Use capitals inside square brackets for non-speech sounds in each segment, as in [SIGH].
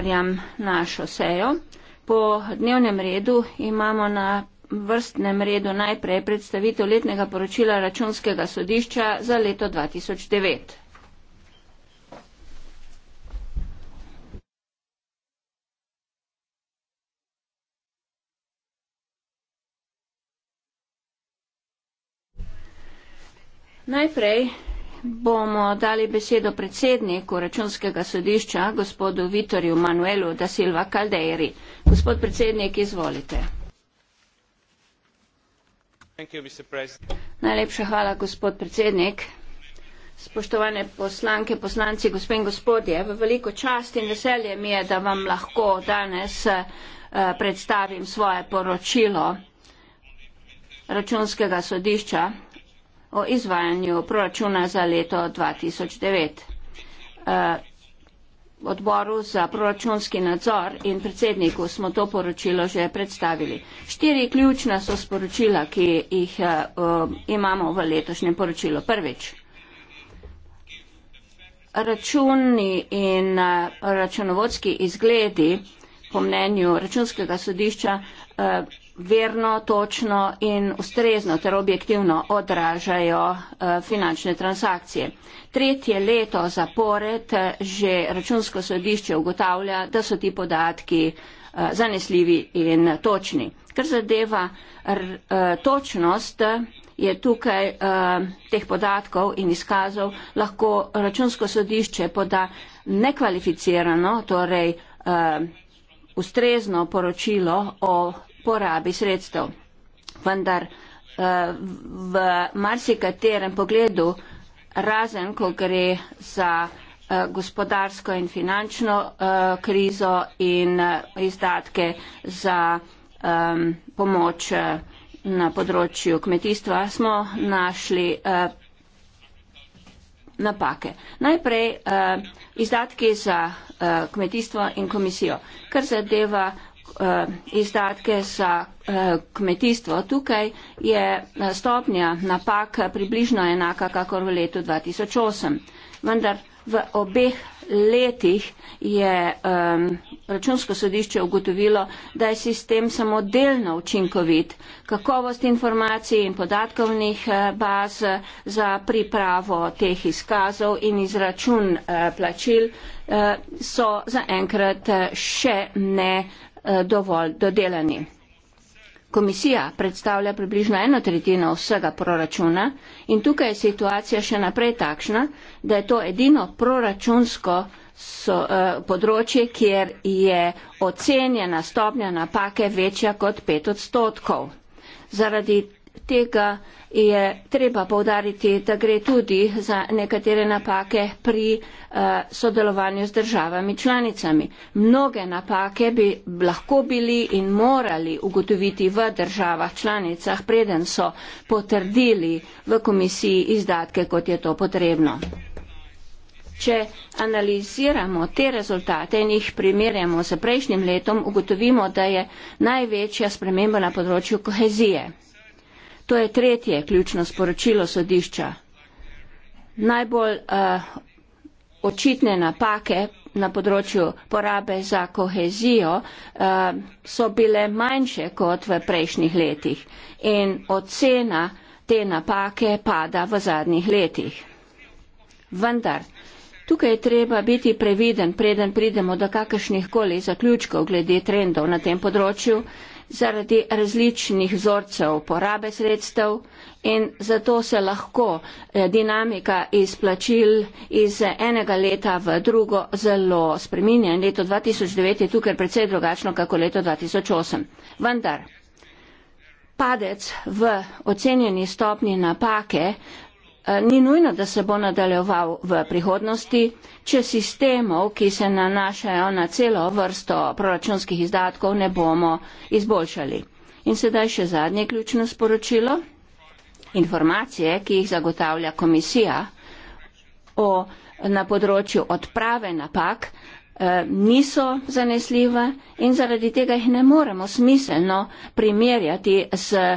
Otvarjam našo sejo. Po dnevnem redu imamo na vrstnem redu najprej predstavitev letnega poročila računskega sodišča za leto 2009. Najprej bomo dali besedo predsedniku računskega sodišča, gospodu Vitorju Manuelu da Silva Caldeiri. Gospod predsednik, izvolite. You, Najlepša hvala, gospod predsednik. Spoštovane poslanke, poslanci, gospe in gospodje, v veliko čast in veselje mi je, da vam lahko danes eh, predstavim svoje poročilo računskega sodišča o izvajanju proračuna za leto 2009. Eh, odboru za proračunski nadzor in predsedniku smo to poročilo že predstavili. Štiri ključna so sporočila, ki jih uh, imamo v letošnjem poročilu. Prvič, računi in računovodski izgledi po mnenju računskega sodišča uh, verno, točno in ustrezno ter objektivno odražajo eh, finančne transakcije. Tretje leto zapored eh, že računsko sodišče ugotavlja, da so ti podatki eh, zanesljivi in točni. Kar zadeva točnost je tukaj teh podatkov in izkazov, lahko računsko sodišče poda nekvalificirano, torej ustrezno poročilo o porabi sredstev. Vendar eh, v marsikaterem pogledu, razen ko gre za eh, gospodarsko in finančno eh, krizo in izdatke za ehm, pomoč na področju kmetijstva, smo našli napake. Najprej izdatki za kmetijstvo in komisijo. Kar zadeva Eh, izdatke za eh, kmetijstvo. Tukaj je eh, stopnja napak približno enaka kakor v letu 2008. Vendar v obeh letih je um, računsko sodišče ugotovilo, da je sistem samo delno učinkovit. Kakovost informacij in podatkovnih baz za pripravo teh izkazov in izračun uh, plačil uh, so zaenkrat še ne Eh, dovolj dodelani. Komisija predstavlja približno eno tretjino vsega proračuna in tukaj je situacija še naprej takšna, da je to edino proračunsko so, uh, področje, kjer je ocenjena stopnja napake večja kot pet odstotkov. Zaradi tega je treba povdariti, da gre tudi za nekatere napake pri uh, sodelovanju z državami članicami. Mnoge napake bi lahko bili in morali ugotoviti v državah članicah, preden so potrdili v komisiji izdatke, kot je to potrebno. Če analiziramo te rezultate in jih primerjamo z prejšnjim letom, ugotovimo, da je največja sprememba na področju kohezije. To je tretje ključno sporočilo sodišča. Najbolj uh, očitne napake na področju porabe za kohezijo uh, so bile manjše kot v prejšnjih letih in ocena te napake pada v zadnjih letih. Vendar, tukaj je treba biti previden, preden pridemo do kakršnih koli zaključkov glede trendov na tem področju. Uh, zaradi različnih vzorcev porabe sredstev in zato se lahko eh, dinamika izplačil iz enega leta v drugo zelo spreminja. Leto 2009 je tukaj precej drugačno kako leto 2008. Vendar padec v ocenjeni stopni napake Eh, ni nujno, da se bo nadaljeval v prihodnosti, če sistemov, ki se nanašajo na celo vrsto proračunskih izdatkov, ne bomo izboljšali. In sedaj še zadnje ključno sporočilo. Informacije, ki jih zagotavlja komisija o, na področju odprave napak, Eh, niso zanesljiva in zaradi tega jih ne moremo smiselno primerjati s eh,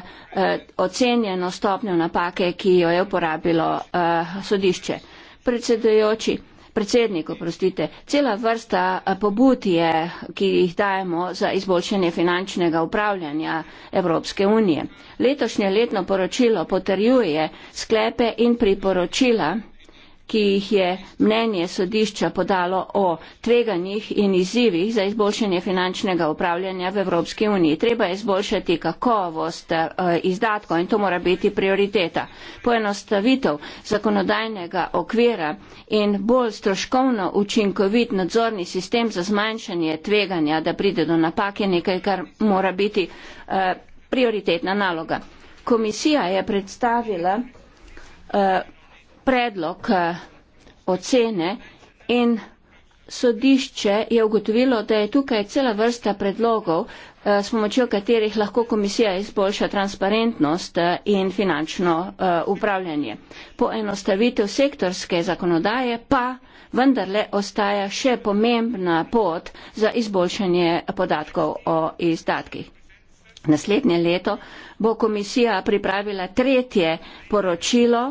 ocenjeno stopnjo napake, ki jo je uporabilo eh, sodišče. Predsedujoči, predsednik, oprostite, cela vrsta pobud je, ki jih dajemo za izboljšanje finančnega upravljanja Evropske unije. Letošnje letno poročilo potrjuje sklepe in priporočila ki jih je mnenje sodišča podalo o tveganjih in izzivih za izboljšanje finančnega upravljanja v Evropski uniji. Treba je izboljšati kakovost eh, izdatkov in to mora biti prioriteta. Poenostavitev zakonodajnega okvira in bolj stroškovno učinkovit nadzorni sistem za zmanjšanje tveganja, da pride do napak je nekaj, kar mora biti eh, prioritetna naloga. Komisija je predstavila eh, predlog eh, ocene in sodišče je ugotovilo, da je tukaj cela vrsta predlogov, eh, s pomočjo katerih lahko komisija izboljša transparentnost eh, in finančno upravljanje. Poenostavitev sektorske zakonodaje pa vendarle ostaja še pomembna pot za izboljšanje podatkov o izdatkih. Naslednje leto bo komisija pripravila tretje poročilo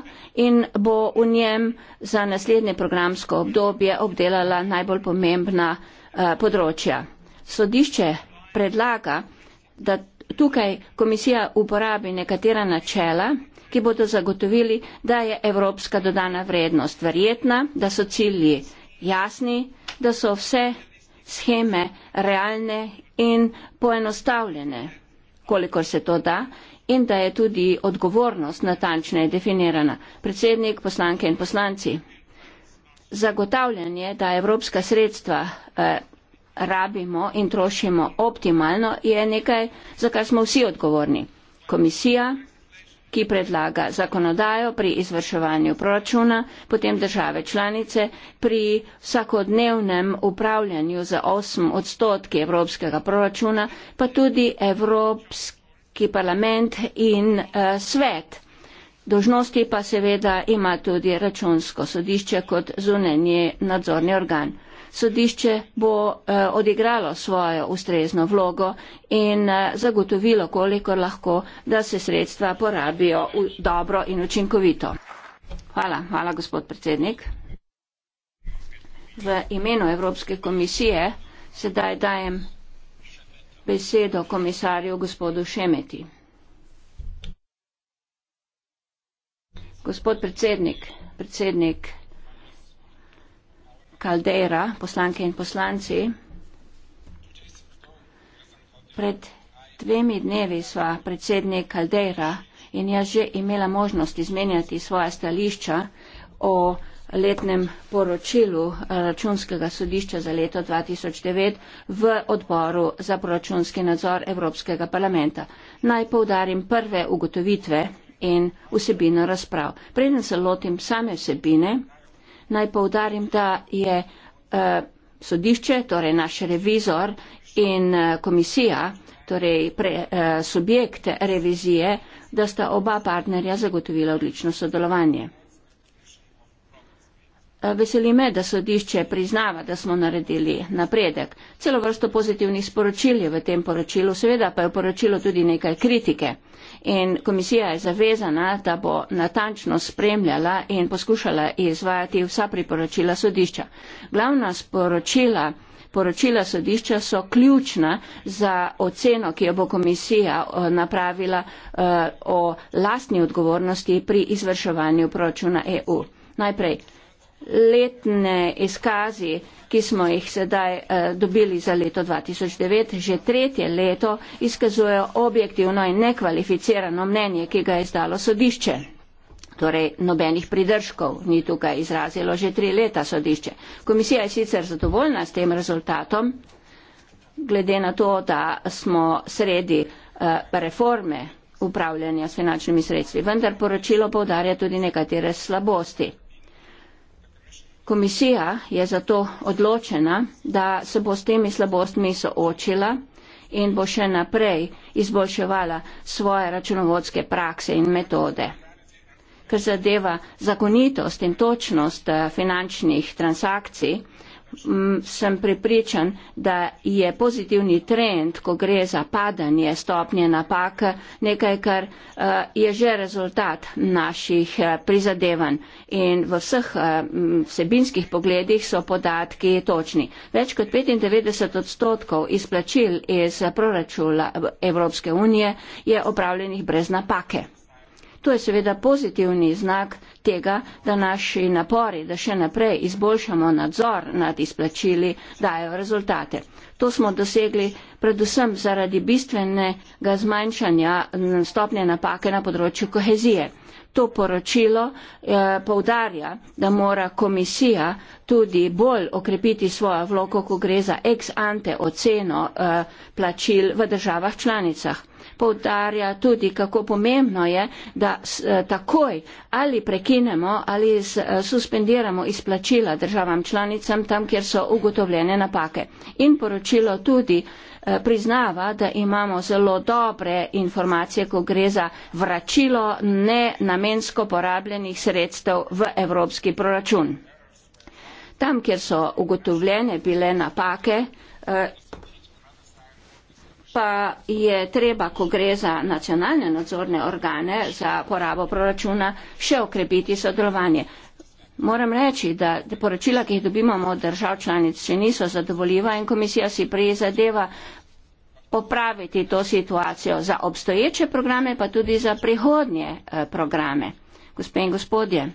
in bo v njem za naslednje programsko obdobje obdelala najbolj pomembna eh, področja. Sodišče predlaga, da tukaj komisija uporabi nekatera načela, ki bodo zagotovili, da je evropska dodana vrednost verjetna, da so cilji jasni, da so vse scheme realne in poenostavljene kolikor se to da in da je tudi odgovornost natančneje definirana. Predsednik, poslanke in poslanci, zagotavljanje, da evropska sredstva eh, rabimo in trošimo optimalno, je nekaj, za kar smo vsi odgovorni. Komisija, ki predlaga zakonodajo pri izvrševanju proračuna, potem države članice pri vsakodnevnem upravljanju za 8 odstotki evropskega proračuna, pa tudi Evropski parlament in uh, svet. Dožnosti pa seveda ima tudi računsko sodišče kot zunanje nadzorni organ sodišče bo eh, odigralo svojo ustrezno vlogo in eh, zagotovilo, koliko lahko, da se sredstva porabijo dobro in učinkovito. Hvala, hvala gospod predsednik. V imenu Evropske komisije sedaj dajem besedo komisarju gospodu Šemeti. Gospod predsednik, predsednik Caldera, poslanke in poslanci. Pred dvemi dnevi sva predsednik Caldera in jaz že imela možnost izmenjati svoja stališča o letnem poročilu eh, računskega sodišča za leto 2009 v odboru za proračunski nadzor Evropskega parlamenta. Naj povdarim prve ugotovitve in vsebino razprav. Preden se lotim same vsebine, naj povdarim, da je eh, sodišče, torej naš revizor in eh, komisija, torej pre, eh, subjekt revizije, da sta oba partnerja zagotovila odlično sodelovanje. Eh, veseli me, da sodišče priznava, da smo naredili napredek. Celo vrsto pozitivnih sporočil je v tem poročilu, seveda pa je v poročilu tudi nekaj kritike. In komisija je zavezana, da bo natančno spremljala in poskušala izvajati vsa priporočila sodišča. Glavna sporočila. Poročila sodišča so ključna za oceno, ki jo bo komisija eh, napravila eh, o lastni odgovornosti pri izvrševanju proračuna EU. Najprej letne izkazi, ki smo jih sedaj uh, dobili za leto 2009, že tretje leto izkazujejo objektivno in nekvalificirano mnenje, ki ga je izdalo sodišče. Torej, nobenih pridržkov ni tukaj izrazilo že tri leta sodišče. Komisija je sicer zadovoljna s tem rezultatom, glede na to, da smo sredi uh, reforme upravljanja s finančnimi sredstvi. Vendar poročilo povdarja tudi nekatere slabosti. Komisija je zato odločena, da se bo s temi slabostmi soočila in bo še naprej izboljševala svoje računovodske prakse in metode. Ker zadeva zakonitost in točnost eh, finančnih transakcij, Mm, sem prepričan, da je pozitivni trend, ko gre za padanje stopnje napak, nekaj, kar eh, je že rezultat naših eh, prizadevanj. In v vseh eh, vsebinskih pogledih so podatki točni. Več kot 95 odstotkov izplačil iz proračula Evropske unije je opravljenih brez napake. To je seveda pozitivni znak tega, da naši napori, da še naprej izboljšamo nadzor nad izplačili, dajo rezultate. To smo dosegli predvsem zaradi bistvenega zmanjšanja stopnje napake na področju kohezije. To poročilo eh, povdarja, da mora komisija tudi bolj okrepiti svojo vlogo, ko gre za ex ante oceno eh, plačil v državah članicah poudarja tudi, kako pomembno je, da eh, takoj ali prekinemo ali eh, suspendiramo izplačila državam članicam tam, kjer so ugotovljene napake. In poročilo tudi eh, priznava, da imamo zelo dobre informacije, ko gre za vračilo nenamensko porabljenih sredstev v evropski proračun. Tam, kjer so ugotovljene bile napake, pa je treba, ko gre za nacionalne nadzorne organe za porabo proračuna, še okrepiti sodelovanje. Moram reči, da poročila, ki jih dobimo od držav članic, še niso zadovoljiva in komisija si prizadeva popraviti to situacijo za obstoječe programe, pa tudi za prihodnje eh, programe. Gospe in gospodje,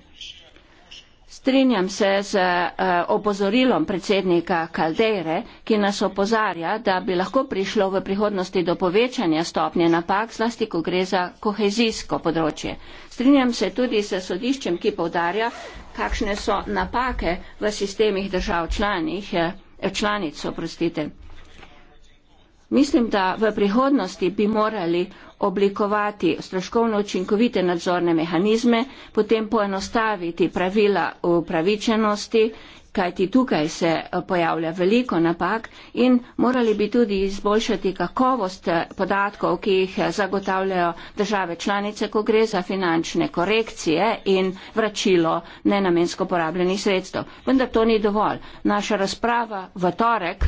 Strinjam se z eh, opozorilom predsednika Kaldere, ki nas opozarja, da bi lahko prišlo v prihodnosti do povečanja stopnje napak, zlasti ko gre za kohezijsko področje. Strinjam se tudi s sodiščem, ki povdarja, kakšne so napake v sistemih držav članih, eh, članic. Oprostite. Mislim, da v prihodnosti bi morali oblikovati stroškovno učinkovite nadzorne mehanizme, potem poenostaviti pravila upravičenosti, kajti tukaj se eh, pojavlja veliko napak in morali bi tudi izboljšati kakovost eh, podatkov, ki jih eh, zagotavljajo države članice, ko gre za finančne korekcije in vračilo nenamensko porabljenih sredstev. Vendar to ni dovolj. Naša razprava v torek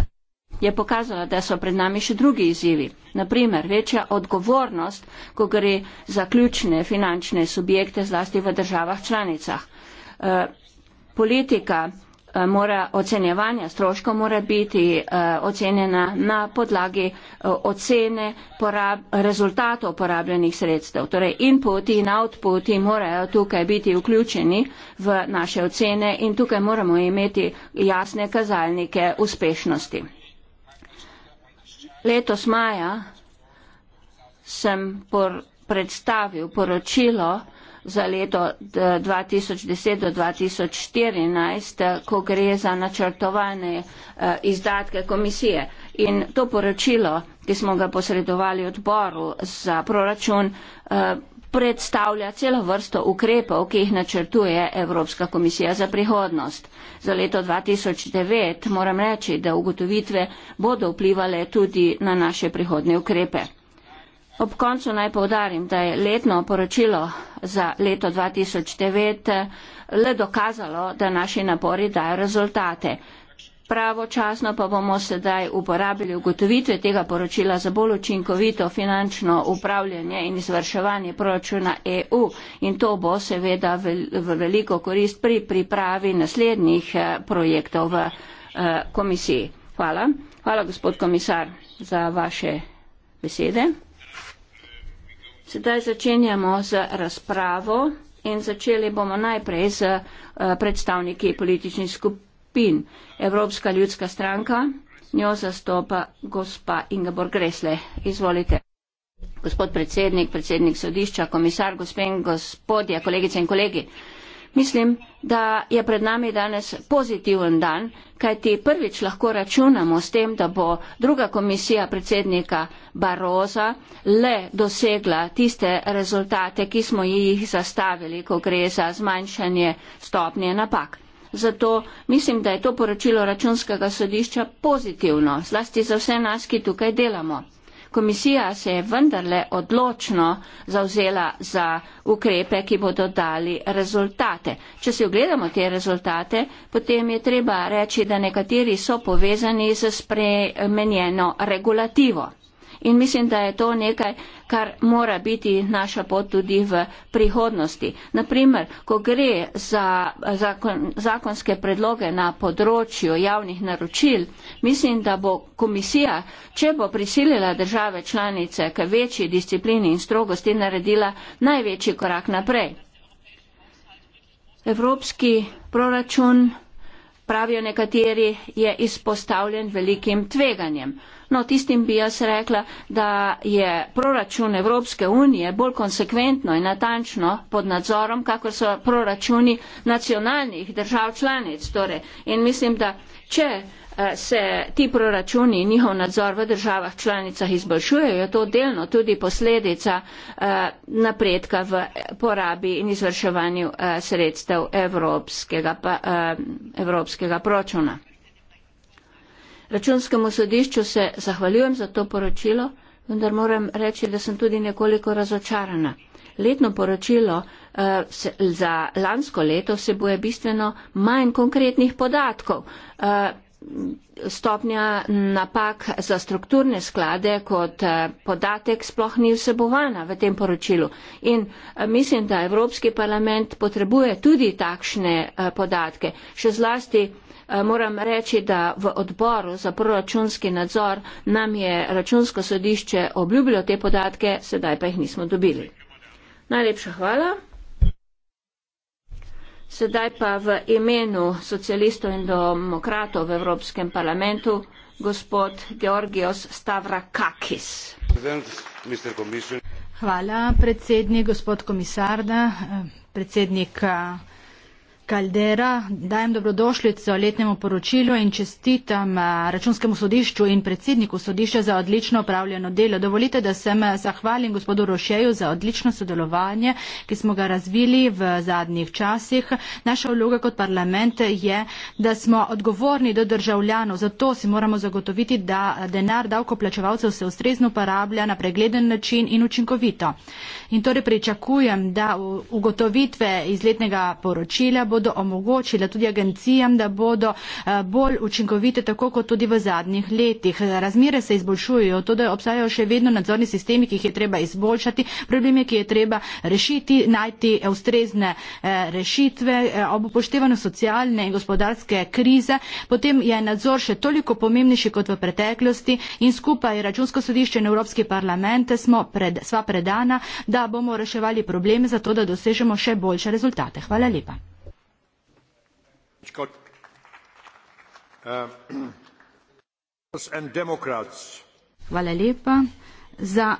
je pokazala, da so pred nami še drugi izzivi. Naprimer, večja odgovornost, ko gre za ključne finančne subjekte zlasti v državah članicah. E, politika eh, mora ocenjevanja stroškov mora biti uh, ocenjena na podlagi uh, ocene porab, rezultatov porabljenih sredstev. Torej inputi in outputi morajo tukaj biti vključeni v naše ocene in tukaj moramo imeti jasne kazalnike uspešnosti. Letos maja sem por predstavil poročilo za leto 2010 do 2014, ko gre za načrtovane e, izdatke komisije. In to poročilo, ki smo ga posredovali odboru za proračun, e, predstavlja celo vrsto ukrepov, ki jih načrtuje Evropska komisija za prihodnost. Za leto 2009 moram reči, da ugotovitve bodo vplivale tudi na naše prihodne ukrepe. Ob koncu naj povdarim, da je letno poročilo za leto 2009 le dokazalo, da naši napori dajo rezultate pravočasno pa bomo sedaj uporabili ugotovitve tega poročila za bolj učinkovito finančno upravljanje in izvrševanje proračuna EU in to bo seveda v veliko korist pri pripravi naslednjih eh, projektov v eh, komisiji. Hvala. Hvala, gospod komisar, za vaše besede. Sedaj začenjamo z razpravo in začeli bomo najprej z eh, predstavniki političnih skupin skupin. Evropska ljudska stranka, njo zastopa gospa Ingebor Gresle. Izvolite. Gospod predsednik, predsednik sodišča, komisar, gospe in gospodje, kolegice in kolegi. Mislim, da je pred nami danes pozitiven dan, kajti prvič lahko računamo s tem, da bo druga komisija predsednika Baroza le dosegla tiste rezultate, ki smo jih zastavili, ko gre za zmanjšanje stopnje napak. Zato mislim, da je to poročilo računskega sodišča pozitivno, zlasti za vse nas, ki tukaj delamo. Komisija se je vendarle odločno zauzela za ukrepe, ki bodo dali rezultate. Če si ogledamo te rezultate, potem je treba reči, da nekateri so povezani z spremenjeno regulativo. In mislim, da je to nekaj, kar mora biti naša pot tudi v prihodnosti. Naprimer, ko gre za zakon, zakonske predloge na področju javnih naročil, mislim, da bo komisija, če bo prisilila države članice k večji disciplini in strogosti, naredila največji korak naprej. Evropski proračun, pravijo nekateri, je izpostavljen velikim tveganjem. No, tistim bi jaz rekla, da je proračun Evropske unije bolj konsekventno in natančno pod nadzorom, kako so proračuni nacionalnih držav članic. Torej. In mislim, da če eh, se ti proračuni in njihov nadzor v državah članicah izboljšujejo, to delno tudi posledica eh, napredka v porabi in izvrševanju eh, sredstev evropskega, evropskega proračuna. Računskemu sodišču se zahvaljujem za to poročilo, vendar moram reči, da sem tudi nekoliko razočarana. Letno poročilo uh, se, za lansko leto vsebuje bistveno manj konkretnih podatkov. Uh, stopnja napak za strukturne sklade kot eh, podatek sploh ni vsebovana v tem poročilu. In mislim, da Evropski parlament potrebuje tudi takšne podatke, še zlasti Eh, moram reči, da v odboru za proračunski nadzor nam je računsko sodišče obljubilo te podatke, sedaj pa jih nismo dobili. Najlepša hvala. Sedaj pa v imenu socialistov in demokratov v Evropskem parlamentu gospod Georgios Stavrakakis. Hvala, predsednik, gospod komisarda, eh, predsednik eh, Kaldera, dajem dobrodošljico letnemu poročilu in čestitam eh, računskemu sodišču in predsedniku sodišča za odlično upravljeno delo. Dovolite, da se zahvalim gospodu Rošeju za odlično sodelovanje, ki smo ga razvili v zadnjih časih. Naša vloga kot parlament je, da smo odgovorni do državljanov, zato si moramo zagotoviti, da denar davkoplačevalcev se ustrezno uporablja na pregleden način in učinkovito. In torej pričakujem, da ugotovitve iz letnega poročila bodo bodo omogočile tudi agencijam, da bodo eh, bolj učinkovite, tako kot tudi v zadnjih letih. Razmere se izboljšujejo, tudi obstajajo še vedno nadzorni sistemi, ki jih je treba izboljšati, probleme, ki je treba rešiti, najti ustrezne eh, rešitve eh, ob upoštevanju socialne in gospodarske krize. Potem je nadzor še toliko pomembnejši kot v preteklosti in skupaj Računsko sodišče in Evropski parlament smo pred, sva predana, da bomo reševali probleme za to, da dosežemo še boljše rezultate. Hvala lepa. Uh, [CLEARS THROAT] Hvala lepa. Za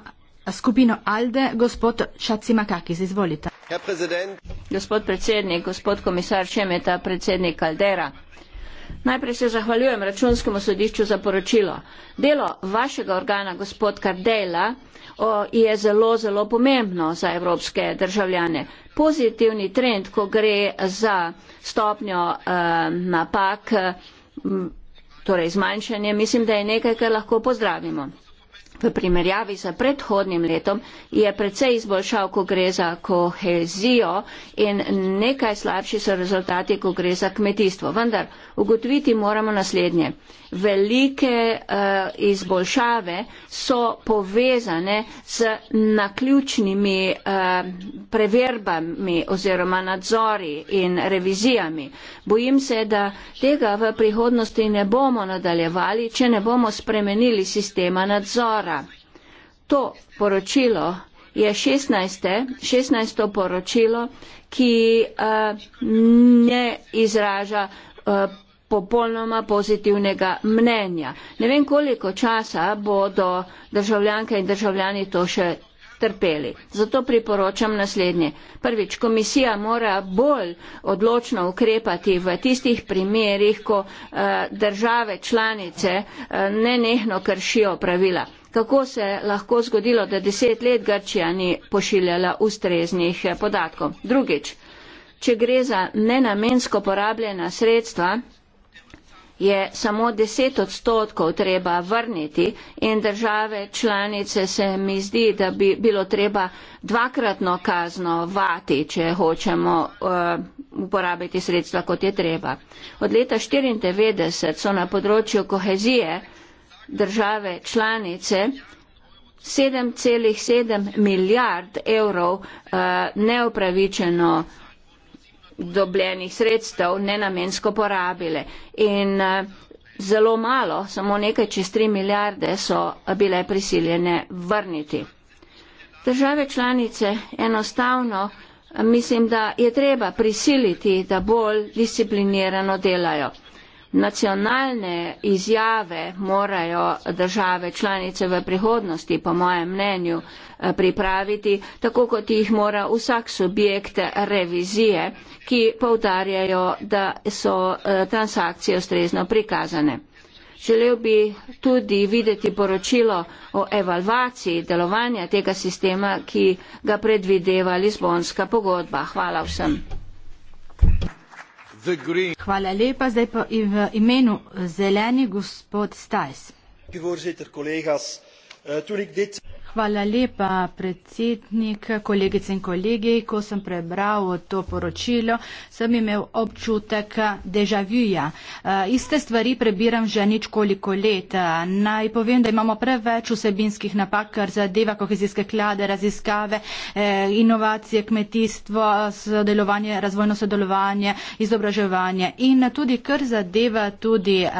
skupino ALDE, gospod Čacimakakis, izvolite. Gospod predsednik, gospod komisar, če me ta predsednik Aldera. Najprej se zahvaljujem računskemu sodišču za poročilo. Delo vašega organa, gospod Kardela, je zelo, zelo pomembno za evropske državljane. Pozitivni trend, ko gre za stopnjo uh, napak, torej zmanjšanje, mislim, da je nekaj, kar lahko pozdravimo. V primerjavi z predhodnim letom je precej izboljšal, ko gre za kohezijo in nekaj slabši so rezultati, ko gre za kmetijstvo. Vendar ugotoviti moramo naslednje. Velike uh, izboljšave so povezane z naključnimi uh, preverbami oziroma nadzori in revizijami. Bojim se, da tega v prihodnosti ne bomo nadaljevali, če ne bomo spremenili sistema nadzora januarja. To poročilo je 16. 16. poročilo, ki uh, ne izraža uh, popolnoma pozitivnega mnenja. Ne vem, koliko časa bodo državljanke in državljani to še trpeli. Zato priporočam naslednje. Prvič, komisija mora bolj odločno ukrepati v tistih primerjih, ko uh, države članice uh, nenehno kršijo pravila kako se je lahko zgodilo, da deset let Grčija ni pošiljala ustreznih podatkov. Drugič, če gre za nenamensko porabljena sredstva, je samo deset odstotkov treba vrniti in države članice se mi zdi, da bi bilo treba dvakratno kazno vati, če hočemo uh, uporabiti sredstva, kot je treba. Od leta 1994 so na področju kohezije države članice 7,7 milijard evrov uh, eh, neopravičeno dobljenih sredstev nenamensko porabile. In uh, zelo malo, samo nekaj čez 3 milijarde so bile prisiljene vrniti. Države članice enostavno eh, mislim, da je treba prisiliti, da bolj disciplinirano delajo nacionalne izjave morajo države članice v prihodnosti, po mojem mnenju, eh, pripraviti, tako kot jih mora vsak subjekt revizije, ki povdarjajo, da so eh, transakcije ustrezno prikazane. Želel bi tudi videti poročilo o evalvaciji delovanja tega sistema, ki ga predvideva Lizbonska pogodba. Hvala vsem. Hvala lepa. Zdaj pa in v imenu zelenih gospod Stajs. Voorzitter, collega's. Uh, eh, toen ik dit. Hvala lepa, predsednik, kolegice in kolegi. Ko sem prebral to poročilo, sem imel občutek dežavija. Eh, iste stvari prebiram že nič koliko let. Naj povem, da imamo preveč vsebinskih napak, kar zadeva kohezijske klade, raziskave, eh, inovacije, kmetijstvo, sodelovanje, razvojno sodelovanje, izobraževanje in tudi kar zadeva tudi eh,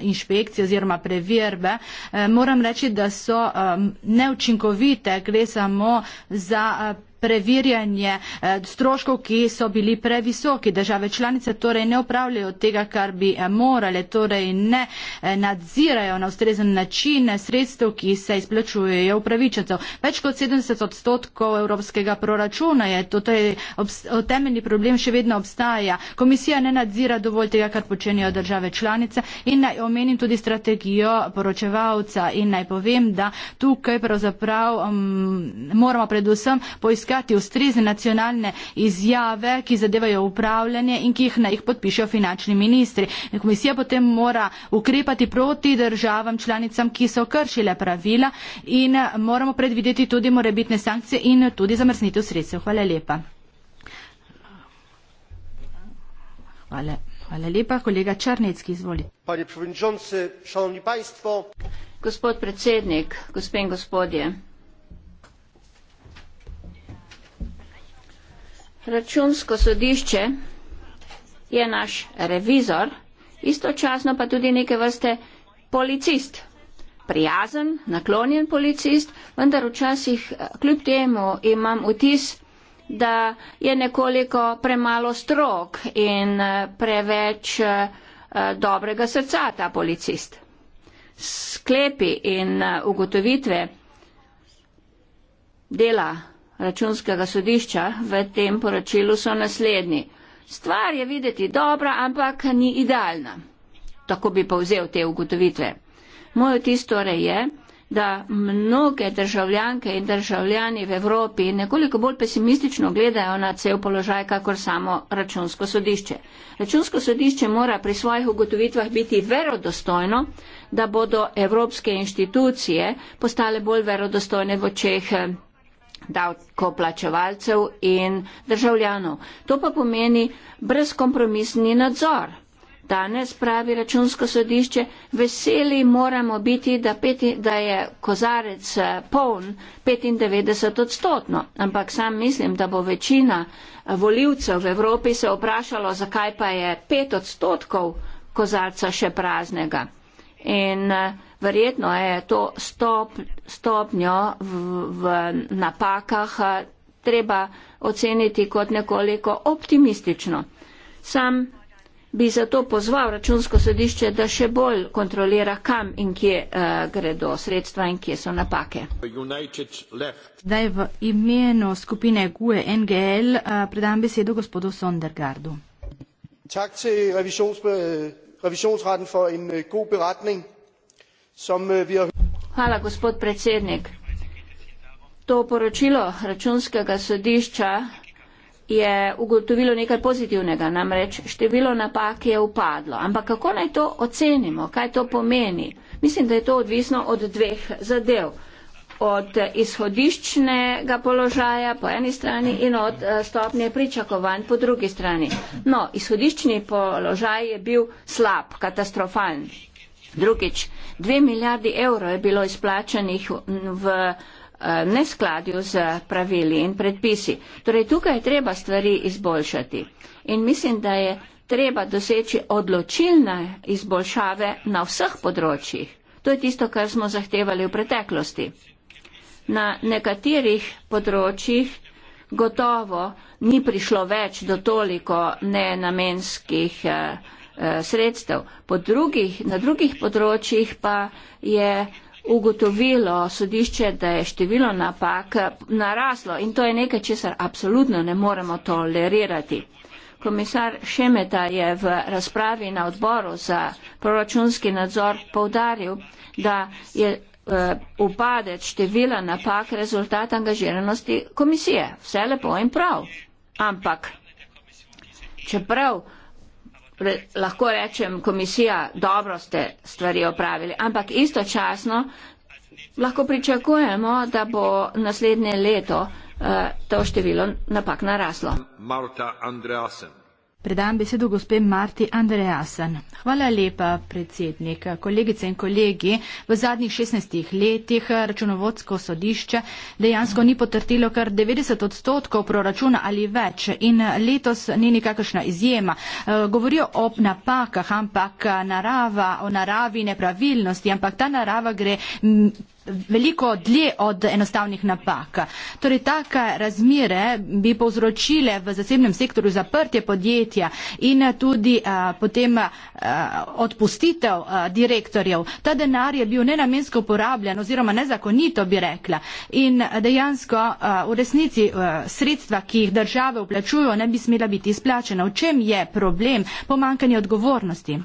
inšpekcije oziroma preverbe. Moram reči, da so neučinkovite učinkovite, gre samo za eh, preverjanje eh, stroškov, ki so bili previsoki. Države članice torej ne upravljajo tega, kar bi eh, morale, torej ne eh, nadzirajo na ustrezen način sredstev, ki se izplačujejo upravičencev. Več kot 70 odstotkov evropskega proračuna je, to je temeljni problem še vedno obstaja. Komisija ne nadzira dovolj tega, kar počenjajo države članice in naj omenim tudi strategijo poročevalca in naj povem, da tukaj pravzaprav um, moramo predvsem poiskati iskati ustrezne nacionalne izjave, ki zadevajo upravljanje in ki jih na jih podpišejo finančni ministri. Komisija potem mora ukrepati proti državam članicam, ki so kršile pravila in eh, moramo predvideti tudi morebitne sankcije in tudi zamrznitev sredstev. Hvala lepa. Hvala. Hvala lepa. Kolega Črnecki, izvoli. Gospod predsednik, gospe in gospodje. Računsko sodišče je naš revizor, istočasno pa tudi neke vrste policist. Prijazen, naklonjen policist, vendar včasih eh, kljub temu imam vtis, da je nekoliko premalo strok in eh, preveč eh, dobrega srca ta policist. Sklepi in ugotovitve dela računskega sodišča v tem poročilu so naslednji. Stvar je videti dobra, ampak ni idealna. Tako bi povzel te ugotovitve. Moj vtis torej je, da mnoge državljanke in državljani v Evropi nekoliko bolj pesimistično gledajo na cel položaj, kakor samo računsko sodišče. Računsko sodišče mora pri svojih ugotovitvah biti verodostojno, da bodo evropske inštitucije postale bolj verodostojne v očeh eh, davkoplačevalcev in državljanov. To pa pomeni brezkompromisni nadzor. Danes pravi računsko sodišče, veseli moramo biti, da, peti, da je kozarec eh, poln 95 odstotno, ampak sam mislim, da bo večina eh, voljivcev v Evropi se vprašalo, zakaj pa je 5 odstotkov kozarca še praznega. In uh, Verjetno je to stop, stopnjo v, v napakah eh, treba oceniti kot nekoliko optimistično. Sam bi zato pozval računsko sodišče, da še bolj kontrolira, kam in kje uh, gredo sredstva in kje so napake. Zdaj v imenu skupine GUE NGL uh, eh, predam besedo gospodu Sondergardu. Eh, to poročilo računskega sodišča je ugotovilo nekaj pozitivnega, namreč število napak je upadlo. Ampak kako naj to ocenimo, kaj to pomeni? Mislim, da je to odvisno od dveh zadev. Od izhodiščnega položaja po eni strani in od eh, stopnje pričakovanj po drugi strani. No, izhodiščni položaj je bil slab, katastrofalen. Drugič, Dve milijardi evrov je bilo izplačanih v eh, neskladju z pravili in predpisi. Torej, tukaj je treba stvari izboljšati in mislim, da je treba doseči odločilne izboljšave na vseh področjih. To je tisto, kar smo zahtevali v preteklosti. Na nekaterih področjih gotovo ni prišlo več do toliko nenamenskih eh, Eh, sredstev. Drugih, na drugih področjih pa je ugotovilo sodišče, da je število napak eh, naraslo in to je nekaj, česar absolutno ne moremo tolerirati. Komisar Šemeta je v razpravi na odboru za proračunski nadzor povdaril, da je uh, upadec števila napak rezultat angažiranosti komisije. Vse lepo in prav. Ampak, čeprav lahko rečem, komisija, dobro ste stvari opravili, ampak istočasno lahko pričakujemo, da bo naslednje leto uh, to število napak naraslo. Marta Andreasen. Predam besedo gospe Marti Andreasan. Hvala lepa, predsednik. Kolegice in kolegi, v zadnjih 16 letih računovodsko sodišče dejansko ni potrtilo kar 90 odstotkov proračuna ali več in letos ni nikakršna izjema. Eh, govorijo o napakah, ampak narava, o naravi nepravilnosti, ampak ta narava gre veliko dlje od enostavnih napak. Torej, taka razmire bi povzročile v zasebnem sektorju zaprtje podjetja in tudi a, eh, potem a, eh, odpustitev a, eh, direktorjev. Ta denar je bil nenamensko uporabljen oziroma nezakonito, bi rekla. In dejansko a, v resnici a, sredstva, ki jih države vplačujo, ne bi smela biti izplačena. V čem je problem pomankanje odgovornosti?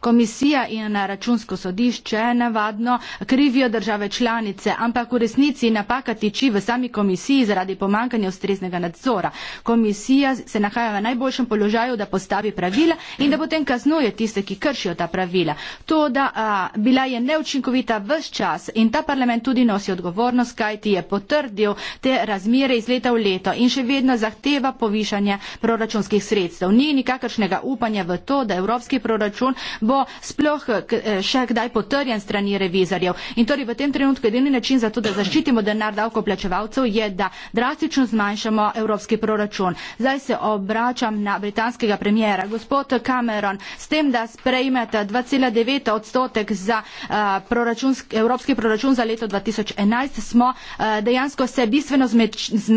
Komisija in računsko sodišče navadno krivijo države članice, ampak v resnici napaka tiči v sami komisiji zaradi pomankanja ustreznega nadzora. Komisija se nahaja v najboljšem položaju, da postavi pravila in da potem kaznuje tiste, ki kršijo ta pravila. To, da a, bila je neučinkovita vse čas in ta parlament tudi nosi odgovornost, kaj ti je potrdil te razmere iz leta v leto in še vedno zahteva povišanje proračunskih sredstev. Ni nikakršnega upanja v to, da evropski proračun bo sploh eh, še kdaj potrjen strani revizorjev. In torej v tem trenutku edini način za to, da zaščitimo denar davkoplačevalcev, je, da drastično zmanjšamo evropski proračun. Zdaj se obračam na britanskega premjera. Gospod Cameron, s tem, da sprejmete 2,9 odstotek za eh, evropski proračun za leto 2011, smo eh, dejansko se bistveno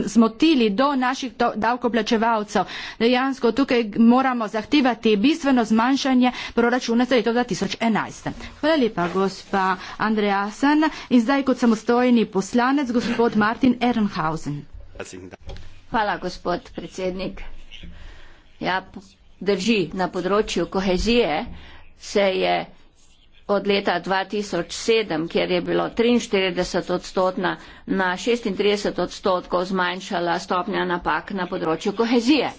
zmotili do naših davkoplačevalcev. Dejansko tukaj moramo zahtevati bistveno zmanjšanje proračuna računate je to dva tisoč enajst hvala lepa gospa andreasen in zdaj kot samostojni poslanec gospod martin ernhausen hvala gospod predsednik ja drži na področju kohezije se je od leta 2007, kjer je bilo 43 odstotna, na 36 odstotkov zmanjšala stopnja napak na področju kohezije.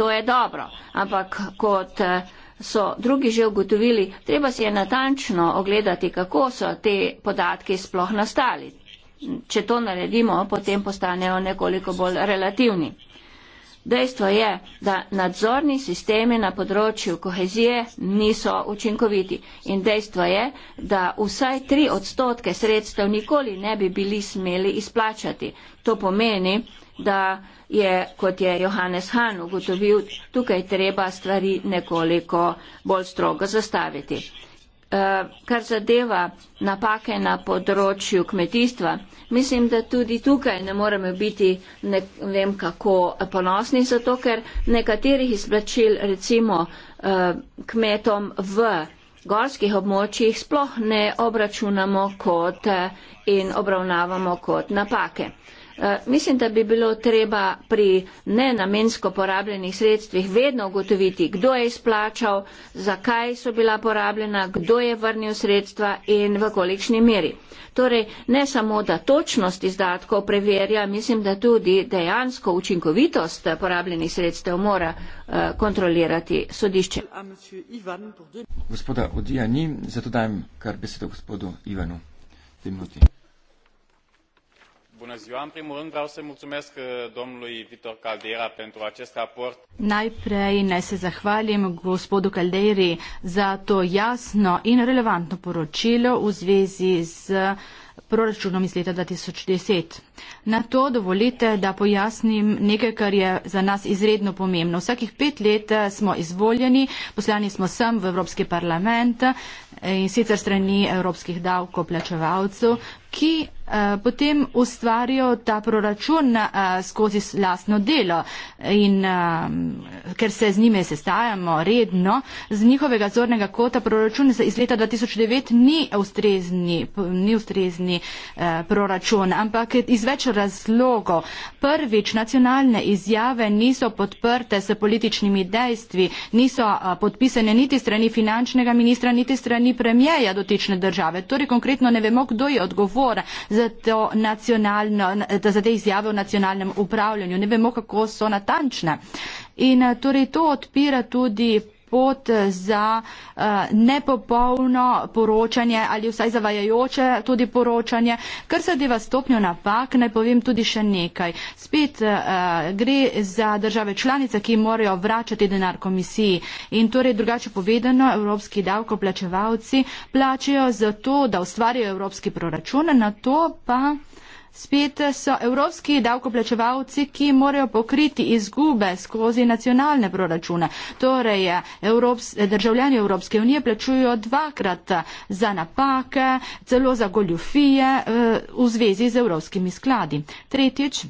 To je dobro, ampak kot eh, so drugi že ugotovili, treba si je natančno ogledati, kako so te podatke sploh nastali. Če to naredimo, potem postanejo nekoliko bolj relativni. Dejstvo je, da nadzorni sistemi na področju kohezije niso učinkoviti in dejstvo je, da vsaj tri odstotke sredstev nikoli ne bi bili smeli izplačati. To pomeni, da je, kot je Johannes Han ugotovil, tukaj treba stvari nekoliko bolj strogo zastaviti. Eh, kar zadeva napake na področju kmetijstva, mislim, da tudi tukaj ne moremo biti ne vem kako ponosni, zato ker nekaterih izplačil recimo eh, kmetom v gorskih območjih sploh ne obračunamo kot eh, in obravnavamo kot napake. Eh, mislim, da bi bilo treba pri nenamensko porabljenih sredstvih vedno ugotoviti, kdo je izplačal, zakaj so bila porabljena, kdo je vrnil sredstva in v kolikšni meri. Torej, ne samo, da točnost izdatkov preverja, mislim, da tudi dejansko učinkovitost porabljenih sredstev mora eh, kontrolirati sodišče. Gospoda Odija ni, zato dajem kar besedo gospodu Ivanu. Uh, Najprej naj se zahvalim gospodu Calderi za to jasno in relevantno poročilo v zvezi z proračunom iz leta 2010. Na to dovolite, da pojasnim nekaj, kar je za nas izredno pomembno. Vsakih pet let uh, smo izvoljeni, poslani smo sem v Evropski parlament eh, in sicer strani evropskih davkoplačevalcev, ki uh, potem ustvarijo ta proračun uh, skozi lastno delo. In uh, ker se z njimi sestajamo redno, z njihovega zornega kota proračun iz leta 2009 ni ustrezni, ni ustrezni uh, proračun, ampak iz več razlogov. Prvič, nacionalne izjave niso podprte s političnimi dejstvi, niso uh, podpisane niti strani finančnega ministra, niti strani premjeja dotične države. Torej, konkretno ne vemo, kdo je odgovoren odpor za to nacionalno, za te izjave o nacionalnem upravljanju. Ne vemo, kako so natančne. In eh, torej to odpira tudi pot za eh, nepopolno poročanje ali vsaj zavajajoče tudi poročanje. Kar se deva stopnjo napak, naj povem tudi še nekaj. Spet eh, gre za države članice, ki morajo vračati denar komisiji. In torej drugače povedano, evropski davkoplačevalci plačajo za to, da ustvarijo evropski proračun, na to pa Spet so evropski davkoplačevalci, ki morajo pokriti izgube skozi nacionalne proračune. Torej, Evrops, državljani Evropske unije plačujo dvakrat za napake, celo za goljufije eh, v zvezi z evropskimi skladi. Tretjič,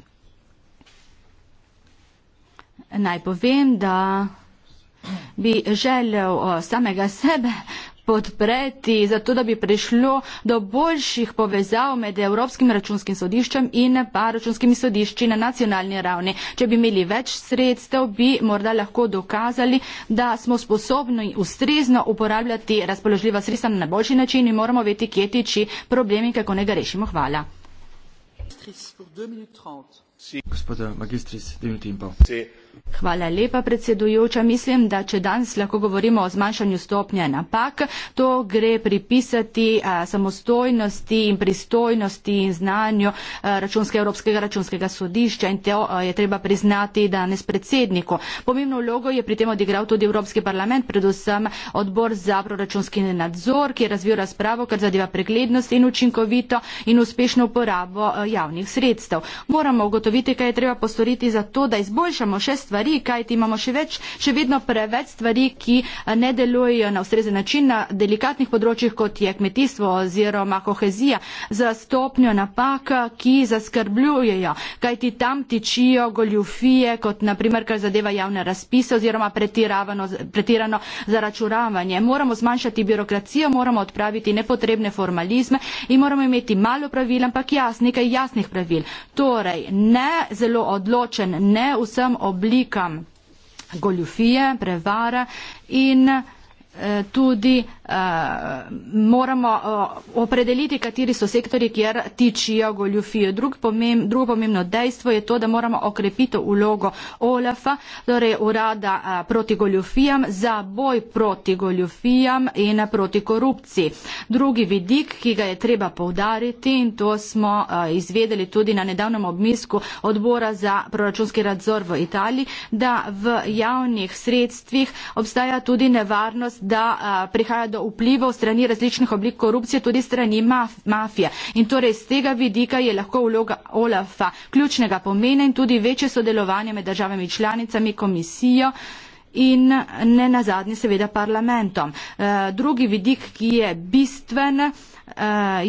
naj povem, da bi želel eh, samega sebe podpreti, zato da bi prišlo do boljših povezav med Evropskim računskim sodiščem in pa računskimi sodišči na nacionalni ravni. Če bi imeli več sredstev, bi morda lahko dokazali, da smo sposobni ustrezno uporabljati razpoložljiva sredstva na najboljši način in moramo veti, kje tiči problemi, kako ne ga rešimo. Hvala. Gospod eh, magistris, 2 minuti in pol. Hvala lepa, predsedujoča. Mislim, da če danes lahko govorimo o zmanjšanju stopnje napak, to gre pripisati a, samostojnosti in pristojnosti in znanju a, računske, Evropskega računskega sodišča in to a, je treba priznati danes predsedniku. Pomembno vlogo je pri tem odigral tudi Evropski parlament, predvsem odbor za proračunski nadzor, ki je razvil razpravo, kar zadeva preglednost in učinkovito in uspešno uporabo a, javnih sredstev. Moramo ugotoviti, kaj je treba postoriti za to, da izboljšamo še stvari, kajti imamo še več, še vedno preveč stvari, ki eh, ne delujejo na ustrezen način na delikatnih področjih, kot je kmetijstvo oziroma kohezija, za stopnjo napak, eh, ki zaskrbljujejo, kajti tam tičijo goljufije, kot naprimer, kar zadeva javne razpise oziroma pretirano, pretirano zaračuravanje. Moramo zmanjšati birokracijo, moramo odpraviti nepotrebne formalizme in moramo imeti malo pravil, ampak jasni, nekaj jasnih pravil. Torej, ne zelo odločen, ne vsem oblikom, velika goljufije, prevara in eh, tudi uh, moramo uh, opredeliti, kateri so sektori, kjer tičijo goljufije. Drug pomem, drugo pomembno dejstvo je to, da moramo okrepiti ulogo OLAF-a, torej urada uh, proti goljufijam, za boj proti goljufijam in proti korupciji. Drugi vidik, ki ga je treba povdariti in to smo uh, izvedeli tudi na nedavnem obmisku odbora za proračunski nadzor v Italiji, da v javnih sredstvih obstaja tudi nevarnost, da uh, prihaja do vplivov strani različnih oblik korupcije, tudi strani maf mafije. In torej z tega vidika je lahko vloga OLAF-a ključnega pomena in tudi večje sodelovanje med državami članicami, komisijo in ne nazadnje seveda parlamentom. Eh, drugi vidik, ki je bistven, Eh,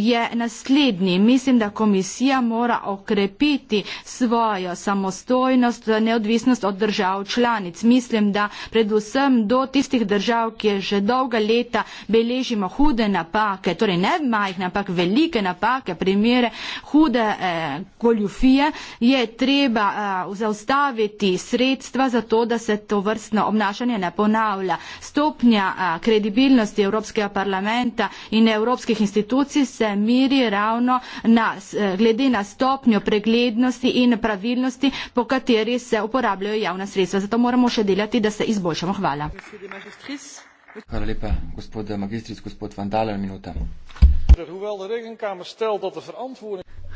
je naslednji. Mislim, da komisija mora okrepiti svojo samostojnost, neodvisnost od držav članic. Mislim, da predvsem do tistih držav, ki že dolga leta beležimo hude napake, torej ne majhne, ampak velike napake, primere hude eh, goljufije, je treba eh, zaustaviti sredstva za to, da se to vrstno obnašanje ne ponavlja. Stopnja eh, kredibilnosti Evropskega parlamenta in Evropskih institucij inštitucij se meri ravno na, eh, glede na stopnjo preglednosti in pravilnosti, po kateri se uporabljajo javna sredstva. Zato moramo še delati, da se izboljšamo. Hvala. Hvala lepa, gospod magistric, gospod Vandalen, minuta.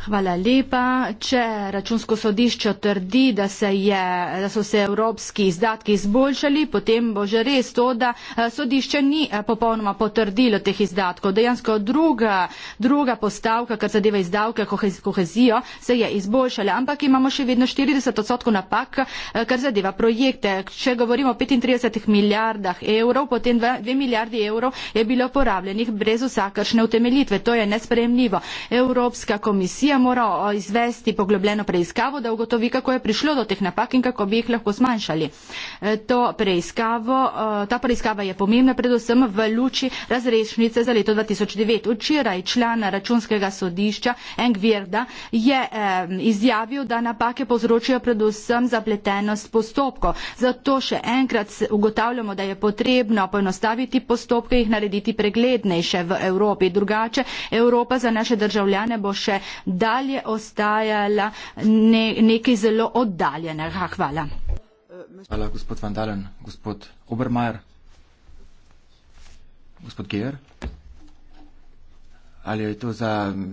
Hvala lepa. Če računsko sodišče trdi, da, se je, da so se evropski izdatki izboljšali, potem bo že res to, da eh, sodišče ni eh, popolnoma potrdilo teh izdatkov. Dejansko druga, druga postavka, kar zadeva izdavke kohezijo, se je izboljšala, ampak imamo še vedno 40 odstotkov napak, eh, kar zadeva projekte. Če govorimo o 35 milijardah evrov, potem 2 milijardi evrov je bilo porabljenih brez vsakršne utemeljitve. To je nespremljivo. Evropska komisija komisija mora izvesti poglobljeno preiskavo, da ugotovi, kako je prišlo do teh napak in kako bi jih lahko zmanjšali. E, e, ta preiskava je pomembna predvsem v luči razrešnice za leto 2009. Včeraj član računskega sodišča Engvirda je e, izjavil, da napake povzročijo predvsem zapletenost postopkov. Zato še enkrat ugotavljamo, da je potrebno poenostaviti postopke in jih narediti preglednejše v Evropi. Drugače, Evropa za naše državljane bo še dalje ostajala ne, nekaj zelo oddaljenega. Hvala. Hvala, gospod Van Dalen. Gospod Obermajer. Gospod Geer. Ali je to za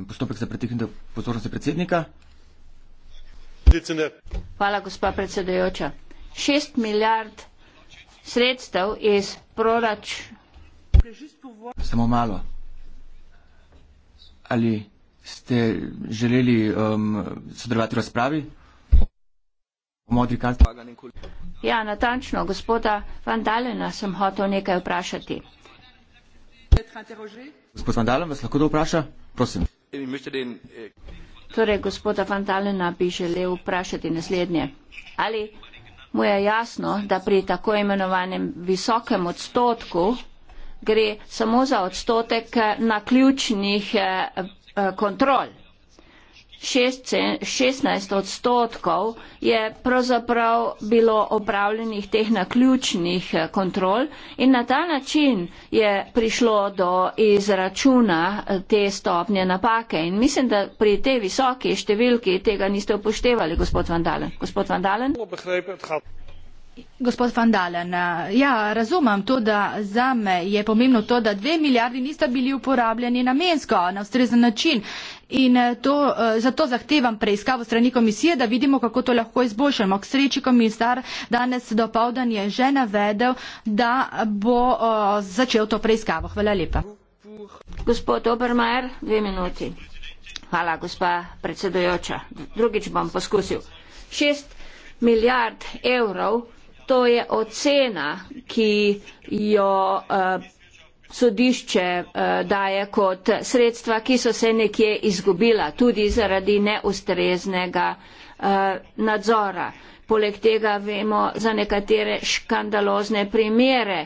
postopek za pretehnitev pozornosti predsednika? Hvala, gospa predsedujoča. Šest milijard sredstev iz proračuna. Samo malo. Ali ste želeli um, sodelovati v razpravi? Ja, natančno, gospoda Van Dalena sem hotel nekaj vprašati. Gospod Van Dalen, vas lahko to vpraša? Prosim. Torej, gospoda Van Dalena bi želel vprašati naslednje. Ali mu je jasno, da pri tako imenovanem visokem odstotku gre samo za odstotek na ključnih eh, Eh, kontrol. 16 odstotkov je pravzaprav bilo opravljenih teh naključnih eh, kontrol in na ta način je prišlo do izračuna eh, te stopnje napake. In mislim, da pri tej visoki številki tega niste upoštevali, gospod Vandalen. Gospod Vandalen? Gospod Fandalen, eh, ja, razumem to, da za me je pomembno to, da dve milijardi nista bili uporabljeni namensko, na ustrezen način. In eh, to, eh, zato zahtevam preiskavo strani komisije, da vidimo, kako to lahko izboljšamo. K sreči komisar danes do povdan je že navedel, da bo začel to preiskavo. Hvala lepa. Gospod Obermajer, dve minuti. Hvala, gospa predsedojoča. Drugič bom poskusil. Šest milijard evrov To je ocena, ki jo uh, sodišče uh, daje kot sredstva, ki so se nekje izgubila, tudi zaradi neustreznega uh, nadzora. Poleg tega vemo za nekatere škandalozne primere,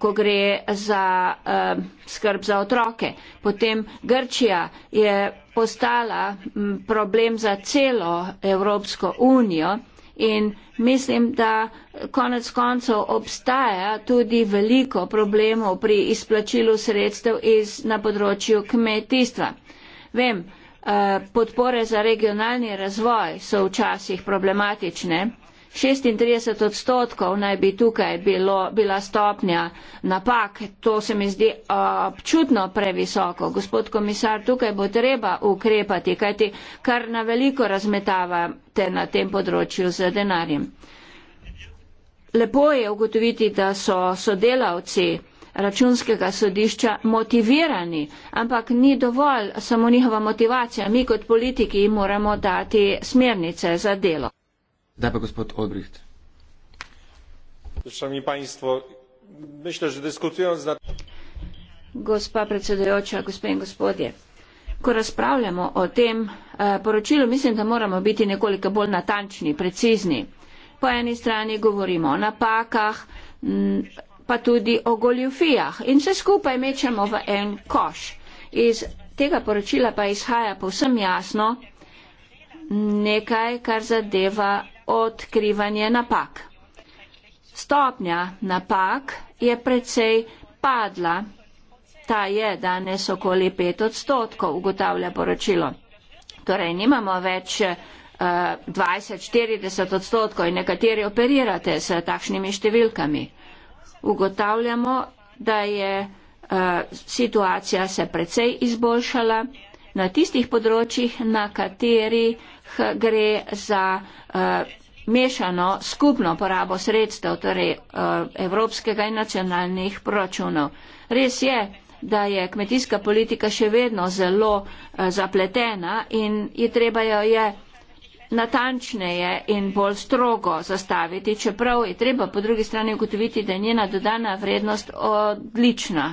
ko gre za uh, skrb za otroke. Potem Grčija je postala problem za celo Evropsko unijo. In mislim, da konec koncev obstaja tudi veliko problemov pri izplačilu sredstev iz na področju kmetijstva. Vem, eh, podpore za regionalni razvoj so včasih problematične. 36 odstotkov naj bi tukaj bilo, bila stopnja napak. To se mi zdi občutno previsoko. Gospod komisar, tukaj bo treba ukrepati, kajti kar na veliko razmetavate na tem področju z denarjem. Lepo je ugotoviti, da so sodelavci računskega sodišča motivirani, ampak ni dovolj samo njihova motivacija. Mi kot politiki moramo dati smernice za delo gospa predsedujoča gospe in gospodje ko razpravljamo o tem eh, poročilu mislim da moramo biti nekoliko bolj natančni precizni po eni strani govorimo o napakah pa tudi o goljufijah in vse skupaj mečemo v en koš iz tega poročila pa izhaja povsem jasno nekaj, kar zadeva odkrivanje napak. Stopnja napak je precej padla. Ta je danes okoli 5 odstotkov, ugotavlja poročilo. Torej, nimamo več uh, eh, 20-40 odstotkov in nekateri operirate s takšnimi številkami. Ugotavljamo, da je uh, situacija se precej izboljšala na tistih področjih, na katerih gre za uh, mešano skupno porabo sredstev, torej uh, evropskega in nacionalnih proračunov. Res je, da je kmetijska politika še vedno zelo uh, zapletena in je treba jo je natančneje in bolj strogo zastaviti, čeprav je treba po drugi strani ugotoviti, da je njena dodana vrednost odlična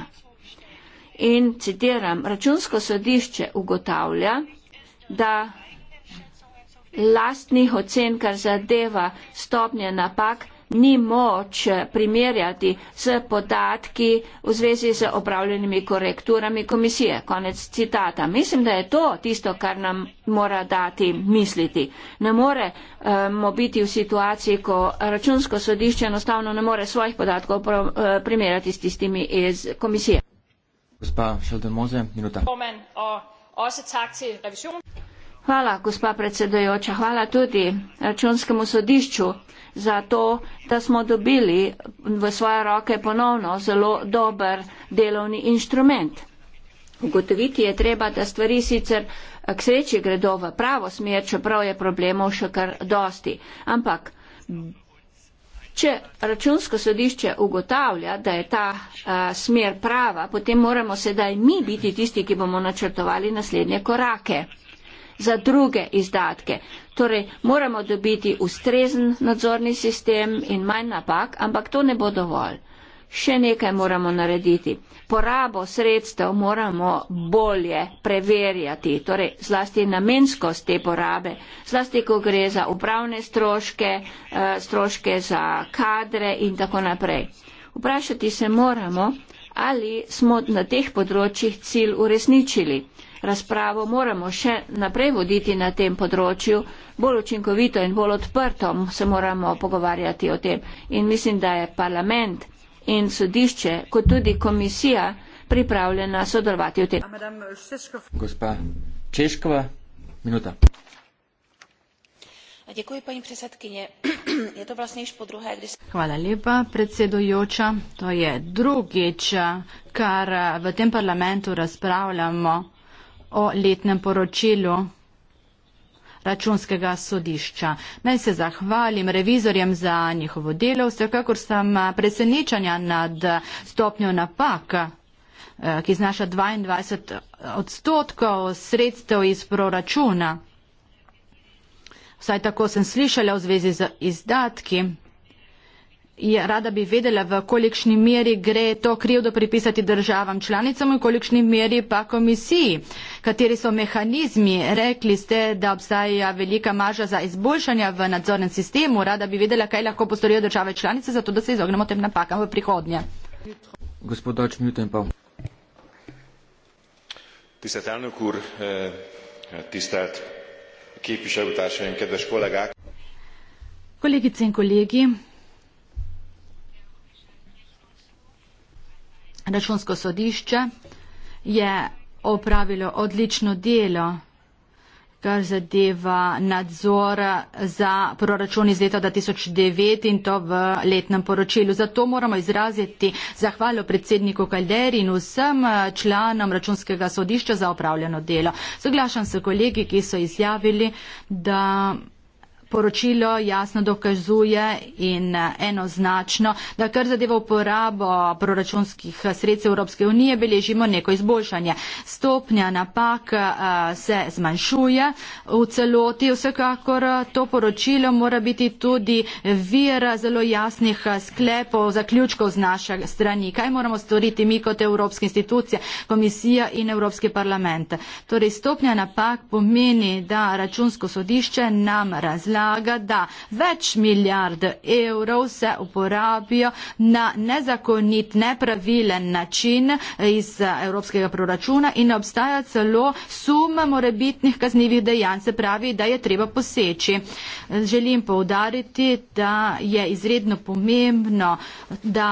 in citiram, računsko sodišče ugotavlja, da lastnih ocen, kar zadeva stopnje napak, ni moč primerjati z podatki v zvezi z opravljenimi korekturami komisije. Konec citata. Mislim, da je to tisto, kar nam mora dati misliti. Ne moremo eh, biti v situaciji, ko računsko sodišče enostavno ne more svojih podatkov eh, primerjati s tistimi iz komisije. Hvala, gospa predsedojoča. Hvala tudi računskemu sodišču za to, da smo dobili v svoje roke ponovno zelo dober delovni inštrument. Ugotoviti je treba, da stvari sicer k sreči gredo v pravo smer, čeprav je problemov še kar dosti. Ampak Če računsko sodišče ugotavlja, da je ta a, smer prava, potem moramo sedaj mi biti tisti, ki bomo načrtovali naslednje korake za druge izdatke. Torej, moramo dobiti ustrezen nadzorni sistem in manj napak, ampak to ne bo dovolj še nekaj moramo narediti. Porabo sredstev moramo bolje preverjati, torej zlasti namenskost te porabe, zlasti ko gre za upravne stroške, eh, stroške za kadre in tako naprej. Vprašati se moramo, ali smo na teh področjih cilj uresničili. Razpravo moramo še naprej voditi na tem področju, bolj učinkovito in bolj odprto se moramo pogovarjati o tem. In mislim, da je parlament in sodišče kot tudi komisija pripravljena sodelovati v tem. Gospa Češkova, minuta. Děkuji, paní předsedkyně. Je to vlastně již po druhé, když... Hvala lepa, predsedujoča. To je drugič, kar v tem parlamentu razpravljamo o letnem poročilu računskega sodišča. Naj se zahvalim revizorjem za njihovo delo, vsekakor sem presenečanja nad stopnjo napaka ki znaša 22 odstotkov sredstev iz proračuna. Vsaj tako sem slišala v zvezi z izdatki je rada bi vedela, v kolikšni meri gre to krivdo pripisati državam članicam in kolikšni meri pa komisiji. Kateri so mehanizmi? Rekli ste, da obstaja velika maža za izboljšanja v nadzornem sistemu. Rada bi vedela, kaj lahko postorijo države članice, zato da se izognemo tem napakam v prihodnje. Gospodač Mjutenpav. Tisztelt elnökúr, eh, tisztelt képviselőtársaim, kedves kollégák! Kollégice kollégi, Računsko sodišče je opravilo odlično delo, kar zadeva nadzor za proračun iz leta 2009 in to v letnem poročilu. Zato moramo izraziti zahvalo predsedniku Kalderi in vsem članom računskega sodišča za opravljeno delo. Soglašam se kolegi, ki so izjavili, da poročilo jasno dokazuje in eh, enoznačno, da kar zadeva uporabo proračunskih eh, sredstev Evropske unije, beležimo neko izboljšanje. Stopnja napak eh, se zmanjšuje v celoti, vsekakor to poročilo mora biti tudi vir zelo jasnih sklepov, zaključkov z naše strani. Kaj moramo storiti mi kot Evropske institucije, komisija in Evropski parlament? Torej, stopnja napak pomeni, da računsko sodišče nam razlaga, razlaga, da več milijard evrov se uporabijo na nezakonit, nepravilen način iz eh, evropskega proračuna in obstaja celo suma morebitnih kaznjivih dejanj, se pravi, da je treba poseči. Želim povdariti, da je izredno pomembno, da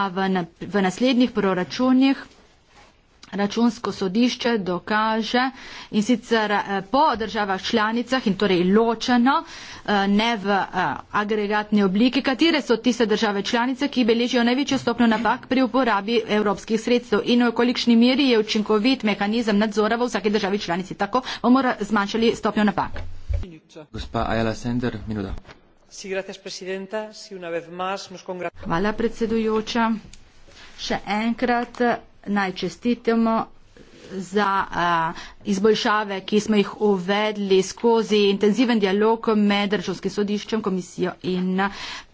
v naslednjih proračunih računsko sodišče dokaže in sicer eh, po državah članicah in torej ločeno, eh, ne v eh, agregatni obliki, katere so tiste države članice, ki beležijo največjo stopnjo napak pri uporabi evropskih sredstev in v kolikšni meri je učinkovit mehanizem nadzora v vsaki državi članici. Tako bomo zmanjšali stopnjo napak. Gospa Ajala Sender, minuta. Hvala predsedujoča. Še enkrat naj čestitamo za uh, izboljšave, ki smo jih uvedli skozi intenziven dialog med Državskim sodiščem, komisijo in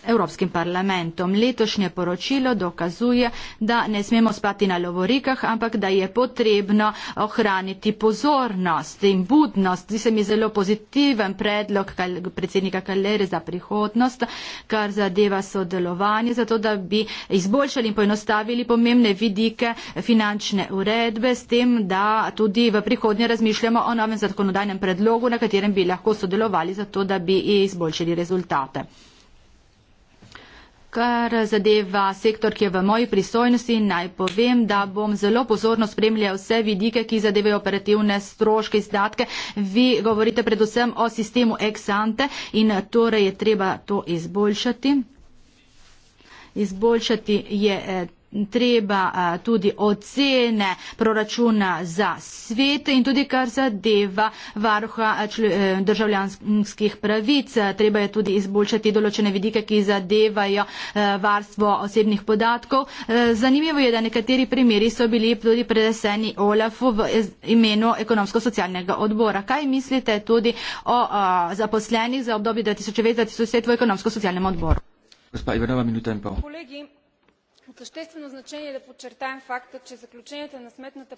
Evropskim parlamentom. Letošnje poročilo dokazuje, da ne smemo spati na lovorikah, ampak da je potrebno ohraniti pozornost in budnost. Zdi se mi zelo pozitiven predlog predsednika Kalere za prihodnost, kar zadeva sodelovanje, zato da bi izboljšali in poenostavili pomembne vidike finančne uredbe, s tem, da tudi v prihodnje zadnje razmišljamo o novem zakonodajnem predlogu, na katerem bi lahko sodelovali za to, da bi izboljšali rezultate. Kar zadeva sektor, ki je v moji pristojnosti, naj povem, da bom zelo pozorno spremljal vse vidike, ki zadevajo operativne stroške izdatke. Vi govorite predvsem o sistemu ex-ante in torej je treba to izboljšati. Izboljšati je. Eh, treba tudi ocene proračuna za svet in tudi kar zadeva varuha e, državljanskih pravic. Treba je tudi izboljšati določene vidike, ki zadevajo e, varstvo osebnih podatkov. E, zanimivo je, da nekateri primeri so bili tudi predeseni Olafu v imenu ekonomsko-socialnega odbora. Kaj mislite tudi o zaposlenih za obdobje 2009-2010 v ekonomsko-socialnem odboru? Gospa Ivanova, minuta in pol. Kolegi, Съществено значение е да подчертаем факта, че заключенията на сметната...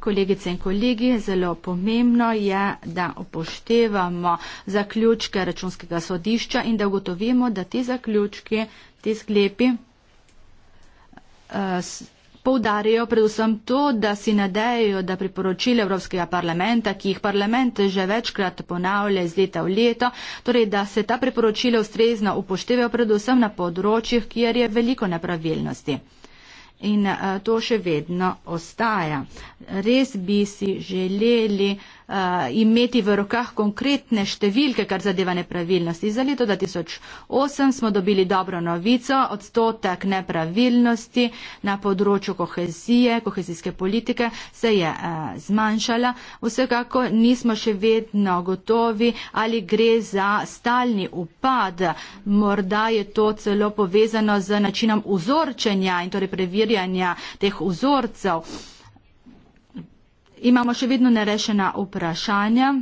Kolegice in kolegi, zelo pomembno je, da upoštevamo zaključke računskega sodišča in da ugotovimo, da ti zaključki, ti sklepi. Uh, Poudarjajo predvsem to, da si nadejajo, da priporočile Evropskega parlamenta, ki jih parlament že večkrat ponavlja iz leta v leto, torej da se ta priporočila ustrezno upoštevajo predvsem na področjih, kjer je veliko nepravilnosti. In eh, to še vedno ostaja. Res bi si želeli, uh, imeti v rokah konkretne številke, kar zadeva nepravilnosti. Za leto 2008 smo dobili dobro novico, odstotek nepravilnosti na področju kohezije, kohezijske politike se je uh, zmanjšala. Vsekako nismo še vedno gotovi, ali gre za stalni upad. Morda je to celo povezano z načinom vzorčenja in torej preverjanja teh vzorcev imamo še vedno nerešena vprašanja,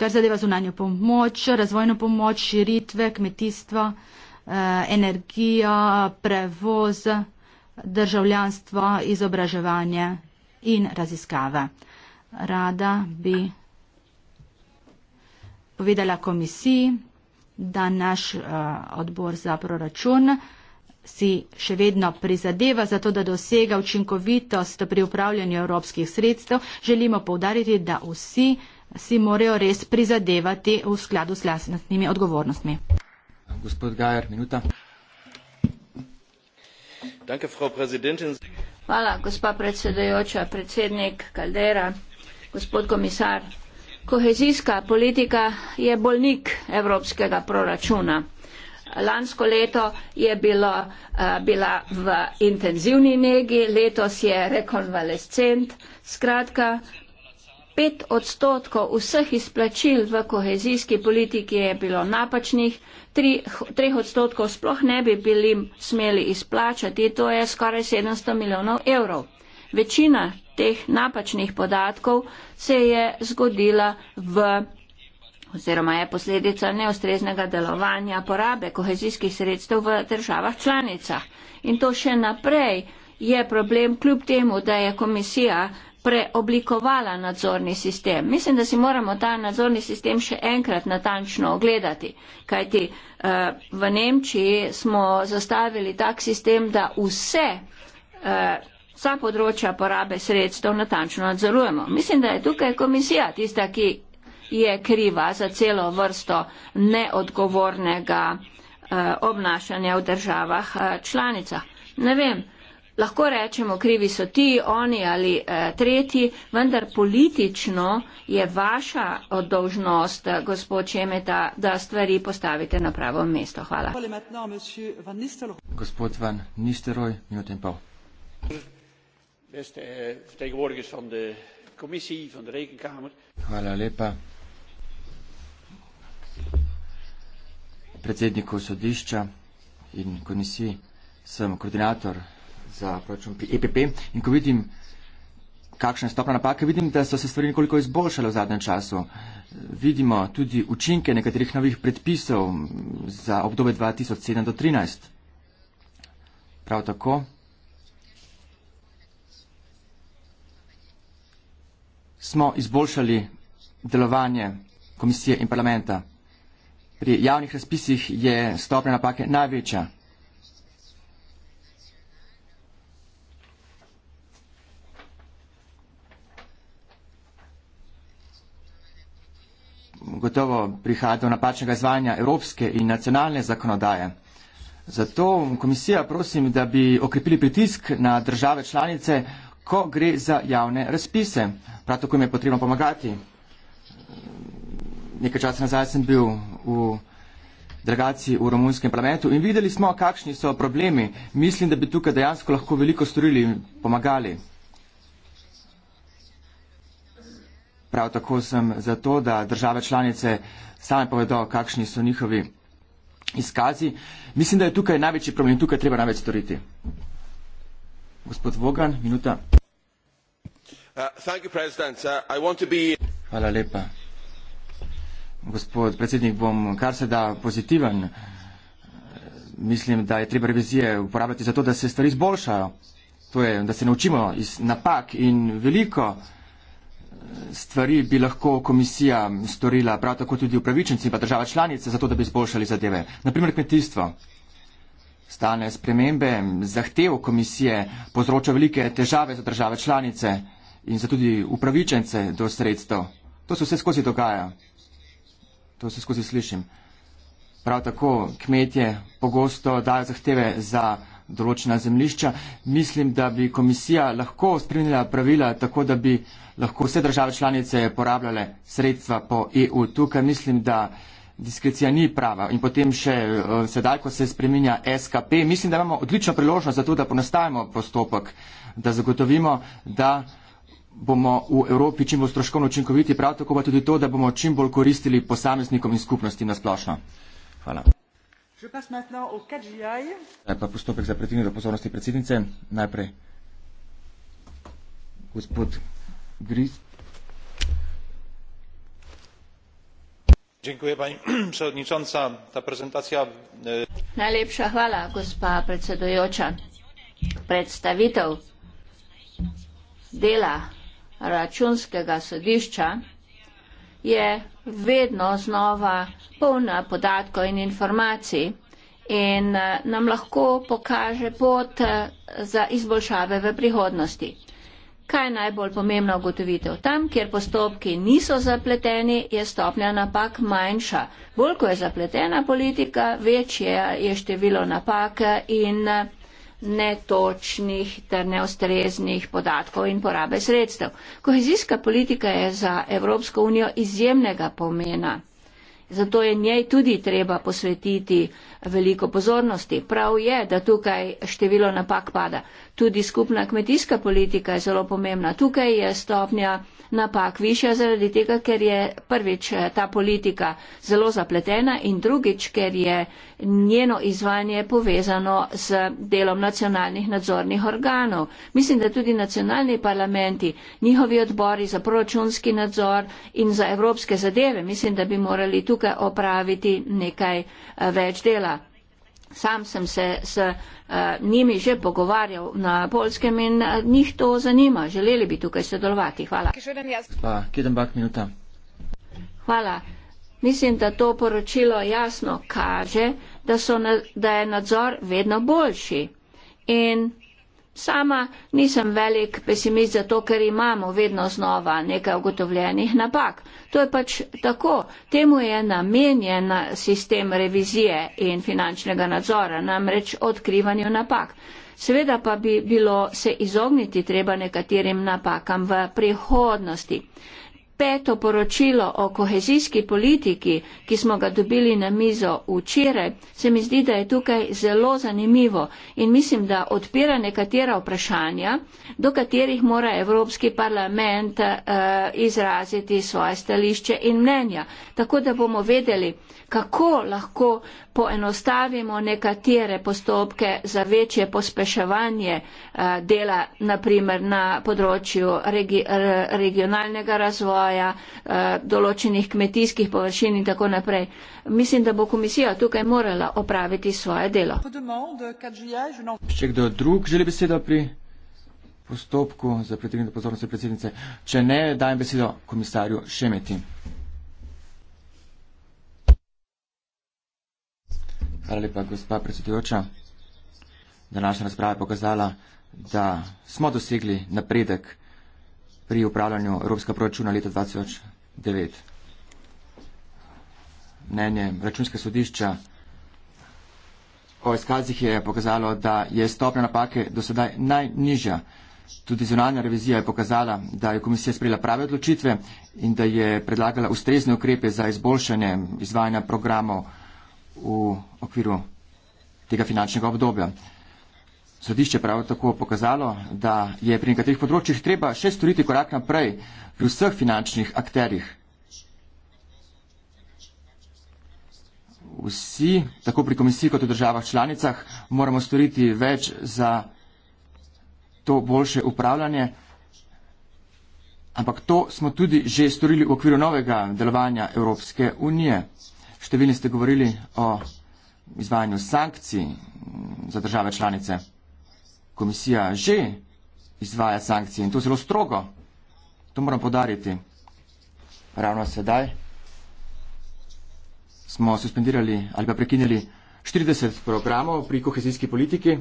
kar zadeva zunanjo pomoč, razvojno pomoč, širitve, kmetijstvo, eh, energijo, prevoz, državljanstvo, izobraževanje in raziskave. Rada bi povedala komisiji, da naš eh, odbor za proračun si še vedno prizadeva za to, da dosega učinkovitost pri upravljanju evropskih sredstev, želimo povdariti, da vsi si morajo res prizadevati v skladu s lastnimi odgovornostmi. Gospod Gajer, minuta. Danke, Hvala, gospa predsedujoča, predsednik Kaldera, gospod komisar. Kohezijska politika je bolnik evropskega proračuna. Lansko leto je bilo, eh, bila v intenzivni negi, letos je rekonvalescent. Skratka, pet odstotkov vseh izplačil v kohezijski politiki je bilo napačnih, tri, treh odstotkov sploh ne bi bili smeli izplačati, to je skoraj 700 milijonov evrov. Večina teh napačnih podatkov se je zgodila v oziroma je posledica neostreznega delovanja porabe kohezijskih sredstev v državah članicah. In to še naprej je problem, kljub temu, da je komisija preoblikovala nadzorni sistem. Mislim, da si moramo ta nadzorni sistem še enkrat natančno ogledati, kajti uh, v Nemčiji smo zastavili tak sistem, da vse, uh, vsa področja porabe sredstev natančno nadzorujemo. Mislim, da je tukaj komisija tista, ki je kriva za celo vrsto neodgovornega eh, obnašanja v državah eh, članicah. Ne vem, lahko rečemo, krivi so ti, oni ali eh, tretji, vendar politično je vaša dolžnost, eh, gospod Čemeta, da stvari postavite na pravo mesto. Hvala. Gospod Van Nisteroj, minuto in pol. Eh, Hvala lepa predsednikov sodišča in komisij, sem koordinator za proračun EPP e in ko vidim, kakšne stopne napake, vidim, da so se stvari nekoliko izboljšale v zadnjem času. Vidimo tudi učinke nekaterih novih predpisov za obdobje 2007 do 2013. Prav tako smo izboljšali delovanje komisije in parlamenta pri javnih razpisih je stopnja napake največja. Gotovo prihaja do napačnega izvajanja evropske in nacionalne zakonodaje. Zato komisija prosim, da bi okrepili pritisk na države članice, ko gre za javne razpise. Prav tako jim je potrebno pomagati. Nekaj časa nazaj sem bil v Dragaciji v romunskem parlamentu in videli smo, kakšni so problemi. Mislim, da bi tukaj dejansko lahko veliko storili in pomagali. Prav tako sem za to, da države članice same povedo, kakšni so njihovi izkazi. Mislim, da je tukaj največji problem in tukaj treba največ storiti. Gospod Vogan, minuta. Uh, thank you, President. Uh, I want to be... Hvala lepa gospod predsednik, bom kar se da pozitiven. Mislim, da je treba revizije uporabljati zato, da se stvari izboljšajo. To je, da se naučimo iz napak in veliko eh, stvari bi lahko komisija storila, prav tako tudi upravičenci in pa država članice, zato da bi izboljšali zadeve. Naprimer, kmetijstvo. Stane spremembe, zahtev komisije povzroča velike težave za države članice in za tudi upravičence do sredstev. To se vse skozi dogaja to se skozi slišim. Prav tako kmetje pogosto dajo zahteve za določena zemlišča. Mislim, da bi komisija lahko spremenila pravila tako, da bi lahko vse države članice porabljale sredstva po EU. Tukaj mislim, da diskrecija ni prava. In potem še eh, sedaj, ko se spreminja SKP, mislim, da imamo odlično priložnost za to, da ponastavimo postopek, da zagotovimo, da bomo v Evropi čim bolj stroškovno učinkoviti, prav tako pa tudi to, da bomo čim bolj koristili posameznikom in skupnosti nasplošno. Hvala. Zdaj pa postopek za pretinjo do pozornosti predsednice. Najprej gospod Gris. Dziękuję pani [CLEARS THROAT] przewodnicząca. Ta prezentacja. E, Najlepsza chwała, gospa przewodnicząca. Przedstawitel dela računskega sodišča je vedno znova polna podatkov in informacij in eh, nam lahko pokaže pot eh, za izboljšave v prihodnosti. Kaj je najbolj pomembna ugotovitev? Tam, kjer postopki niso zapleteni, je stopnja napak manjša. Bolj ko je zapletena politika, večje je število napak in eh, netočnih ter neostreznih podatkov in porabe sredstev. Kohezijska politika je za Evropsko unijo izjemnega pomena. Zato je njej tudi treba posvetiti veliko pozornosti. Prav je, da tukaj število napak pada tudi skupna kmetijska politika je zelo pomembna. Tukaj je stopnja napak višja zaradi tega, ker je prvič eh, ta politika zelo zapletena in drugič, ker je njeno izvanje povezano z delom nacionalnih nadzornih organov. Mislim, da tudi nacionalni parlamenti, njihovi odbori za proračunski nadzor in za evropske zadeve, mislim, da bi morali tukaj opraviti nekaj eh, več dela. Sam sem se s uh, eh, njimi že pogovarjal na polskem in uh, njih to zanima. Želeli bi tukaj sodelovati. Hvala. Hvala. Mislim, da to poročilo jasno kaže, da, na, da je nadzor vedno boljši. In Sama nisem velik pesimist zato, ker imamo vedno znova nekaj ugotovljenih napak. To je pač tako. Temu je namenjen sistem revizije in finančnega nadzora, namreč odkrivanju napak. Seveda pa bi bilo se izogniti treba nekaterim napakam v prihodnosti peto poročilo o kohezijski politiki, ki smo ga dobili na mizo včeraj, se mi zdi, da je tukaj zelo zanimivo in mislim, da odpira nekatera vprašanja, do katerih mora Evropski parlament uh, izraziti svoje stališče in mnenja. Tako da bomo vedeli, uh, kako lahko poenostavimo nekatere postopke za večje pospeševanje eh, dela, naprimer na področju regi regionalnega razvoja, eh, določenih kmetijskih površin in tako naprej. Mislim, da bo komisija tukaj morala opraviti svoje delo. Še kdo drug želi besedo pri postopku za pritegnjenje pozornosti predsednice? Če ne, dajem besedo komisarju Šemeti. Hvala lepa, gospa predsedujoča. Današnja razprava je pokazala, da smo dosegli napredek pri upravljanju Evropskega proračuna leta 2009. Mnenje računske sodišča o izkazih je pokazalo, da je stopnja napake do sedaj najnižja. Tudi zunanja revizija je pokazala, da je komisija sprejela prave odločitve in da je predlagala ustrezne ukrepe za izboljšanje izvajanja programov v okviru tega finančnega obdobja. Sodišče prav tako pokazalo, da je pri nekaterih področjih treba še storiti korak naprej pri vseh finančnih akterjih. Vsi, tako pri komisiji kot v državah članicah, moramo storiti več za to boljše upravljanje, ampak to smo tudi že storili v okviru novega delovanja Evropske unije. Številni ste govorili o izvajanju sankcij za države članice. Komisija že izvaja sankcije in to zelo strogo. To moram podariti. Ravno sedaj smo suspendirali ali pa prekinili 40 programov pri kohezijski politiki.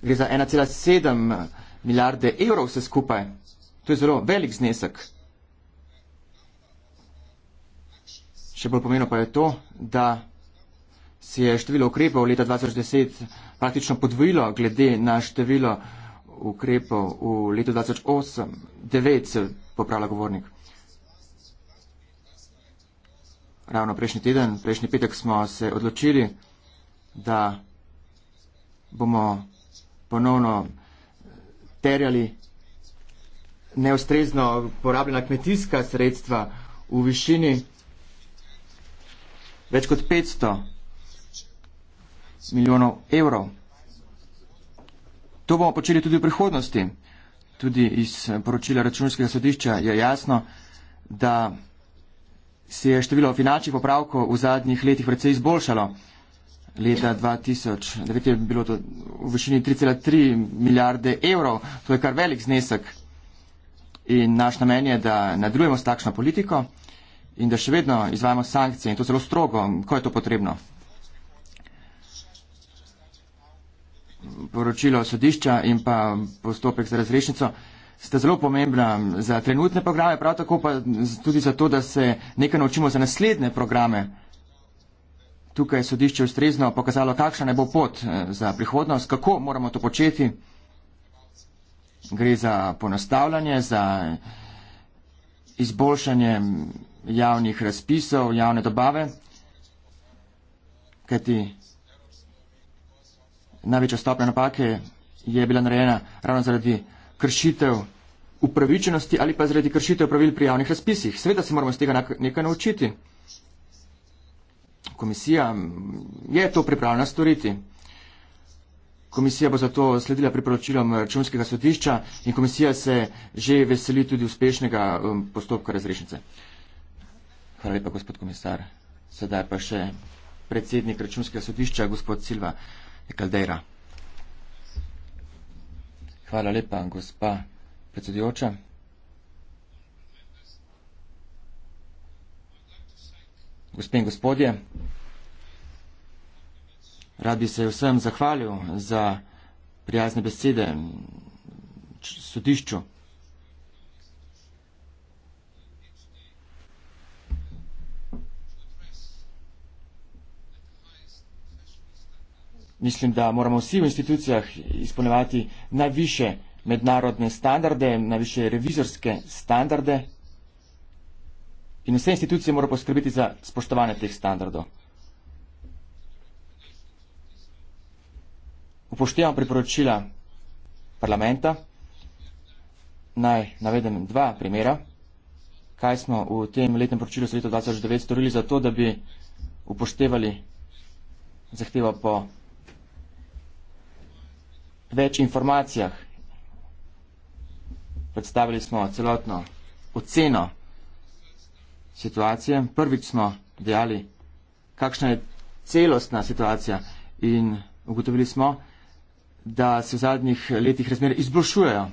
Gre za 1,7 milijarde evrov vse skupaj. To je zelo velik znesek. Še bolj pomeno pa je to, da se je število ukrepov leta 2010 praktično podvojilo glede na število ukrepov v letu 2008. 9 popravlja govornik. Ravno prejšnji teden, prejšnji petek smo se odločili, da bomo ponovno terjali neustrezno porabljena kmetijska sredstva v višini več kot 500 milijonov evrov. To bomo počeli tudi v prihodnosti. Tudi iz eh, poročila računskega sodišča je jasno, da se je število finančnih popravkov v zadnjih letih precej izboljšalo. Leta 2009 je bilo to v višini 3,3 milijarde evrov, to je kar velik znesek. In naš namen je, da nadaljujemo s takšno politiko in da še vedno izvajamo sankcije in to zelo strogo, ko je to potrebno. Poročilo sodišča in pa postopek za razrešnico sta zelo pomembna za trenutne programe, prav tako pa tudi za to, da se nekaj naučimo za naslednje programe. Tukaj je sodišče ustrezno pokazalo, kakšna ne bo pot eh, za prihodnost, kako moramo to početi. Gre za ponastavljanje, za izboljšanje javnih razpisov, javne dobave, kajti največja stopnja napake je bila narejena ravno zaradi kršitev upravičenosti ali pa zaradi kršitev pravil pri javnih razpisih. Sveda se moramo z tega nekaj naučiti. Komisija je to pripravljena storiti. Komisija bo zato sledila priporočilom računskega sodišča in komisija se že veseli tudi uspešnega um, postopka razrešnice. Hvala lepa, gospod komisar. Sedaj pa še predsednik računskega sodišča, gospod Silva Ekaldeira. Hvala lepa, gospa predsedujoča. Gospe in gospodje, rad bi se vsem zahvalil za prijazne besede sodišču. mislim, da moramo vsi v institucijah izpolnevati najviše mednarodne standarde, najviše revizorske standarde in vse institucije morajo poskrbiti za spoštovanje teh standardov. Upoštevam priporočila parlamenta, naj navedem dva primera, kaj smo v tem letnem poročilu za leto 2009 storili za to, da bi upoštevali zahtevo po več informacijah. Predstavili smo celotno oceno situacije. Prvič smo dejali, kakšna je celostna situacija in ugotovili smo, da se v zadnjih letih razmere izboljšujejo.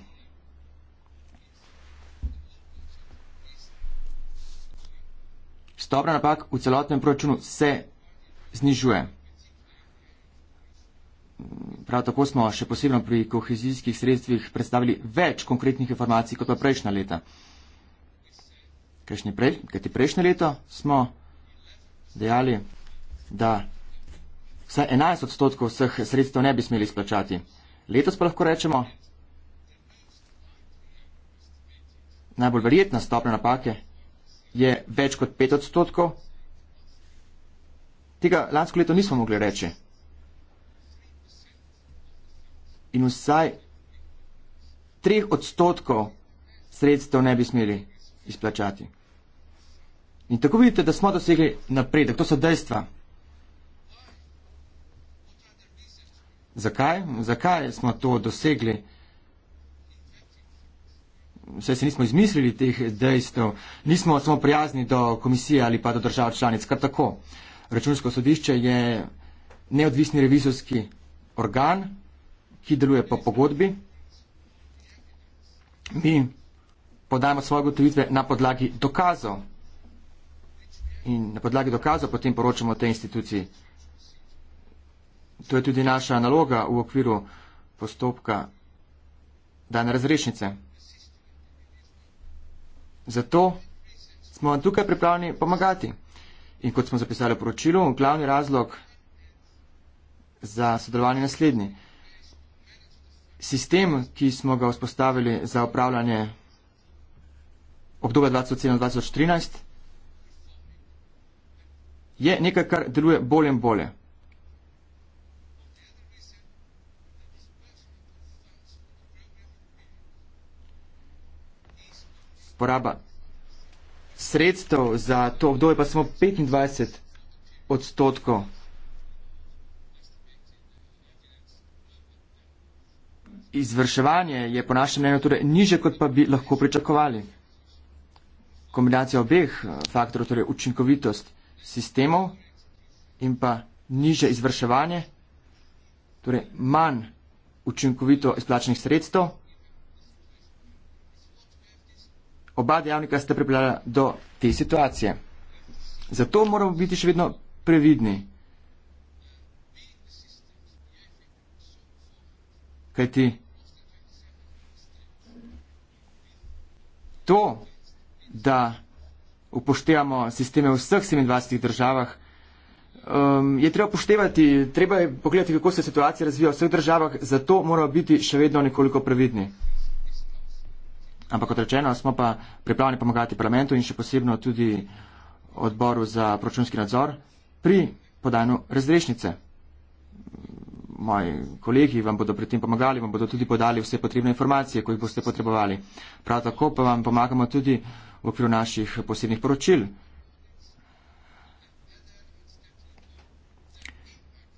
Stopna napak v celotnem proračunu se znižuje. Prav tako smo še posebno pri kohezijskih sredstvih predstavili več konkretnih informacij kot pa prejšnja leta. Kajti prej, prejšnje leto smo dejali, da vsaj 11 odstotkov vseh sredstev ne bi smeli splačati. Letos pa lahko rečemo, najbolj verjetna stopna napake je več kot 5 odstotkov. Tega lansko leto nismo mogli reči. in vsaj 3 odstotkov sredstev ne bi smeli izplačati. In tako vidite, da smo dosegli napredek, to so dejstva. Zakaj? Zakaj smo to dosegli? Vse se nismo izmislili teh dejstev, nismo samo prijazni do komisije ali pa do držav članic, kar tako. Računsko sodišče je neodvisni revizorski organ, ki deluje po pogodbi. Mi podajamo svoje gotovitve na podlagi dokazov in na podlagi dokazov potem poročamo tej instituciji. To je tudi naša naloga v okviru postopka dane razrešnice. Zato smo vam tukaj pripravljeni pomagati. In kot smo zapisali v poročilu, glavni razlog za sodelovanje naslednji sistem, ki smo ga vzpostavili za upravljanje obdobja 2007-2013, je nekaj, kar deluje bolje in bolje. Poraba sredstev za to obdobje pa samo 25 odstotkov izvrševanje je po našem mnenju torej niže, kot pa bi lahko pričakovali. Kombinacija obeh eh, faktorov, torej učinkovitost sistemov in pa niže izvrševanje, torej manj učinkovito izplačenih sredstev, oba dejavnika sta pripeljala do te situacije. Zato moramo biti še vedno previdni. Kajti to, da upoštevamo sisteme v vseh 27 državah, um, je treba upoštevati, treba je pogledati, kako se situacija razvija v vseh državah, zato moramo biti še vedno nekoliko previdni. Ampak kot rečeno, smo pa pripravljeni pomagati parlamentu in še posebno tudi odboru za pročunski nadzor pri podajanju razrešnice moji kolegi vam bodo pri tem pomagali, vam bodo tudi podali vse potrebne informacije, ko jih boste potrebovali. Prav tako pa vam pomagamo tudi v okviru naših posebnih poročil.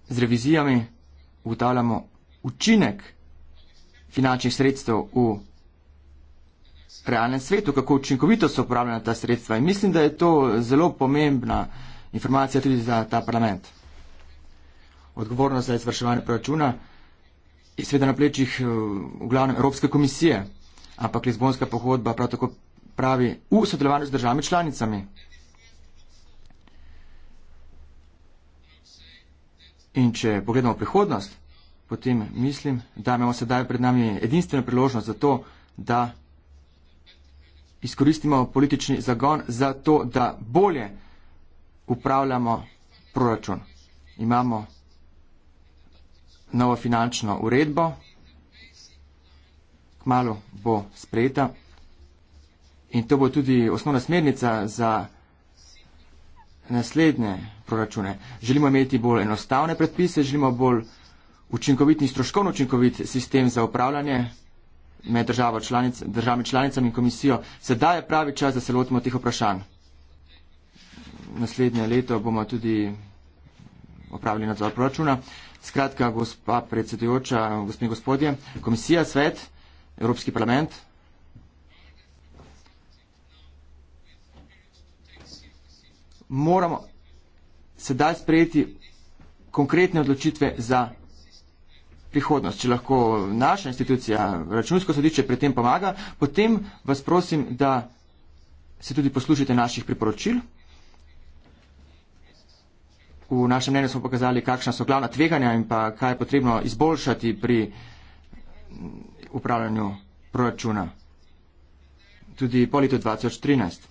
Z revizijami ugotavljamo učinek finančnih sredstev v realnem svetu, kako učinkovito so uporabljena ta sredstva. In mislim, da je to zelo pomembna informacija tudi za ta parlament odgovornost za izvrševanje proračuna je seveda na plečih eh, v glavnem Evropske komisije, ampak Lizbonska pohodba prav tako pravi v sodelovanju z državami članicami. In če pogledamo prihodnost, potem mislim, da imamo sedaj pred nami edinstveno priložnost za to, da izkoristimo politični zagon za to, da bolje upravljamo proračun. Imamo novo finančno uredbo. Kmalo bo sprejeta in to bo tudi osnovna smernica za naslednje proračune. Želimo imeti bolj enostavne predpise, želimo bolj učinkovit in stroškovno učinkovit sistem za upravljanje med članic, državami članicami in komisijo. Sedaj je pravi čas, da se lotimo teh vprašanj. Naslednje leto bomo tudi opravili nadzor proračuna. Skratka, gospa predsedujoča, gospe in gospodje, komisija, svet, Evropski parlament. Moramo sedaj sprejeti konkretne odločitve za prihodnost. Če lahko naša institucija, računsko sodišče, pri tem pomaga, potem vas prosim, da se tudi poslušate naših priporočil. V našem mnenju smo pokazali, kakšna so glavna tveganja in pa kaj je potrebno izboljšati pri upravljanju proračuna. Tudi po letu 2013.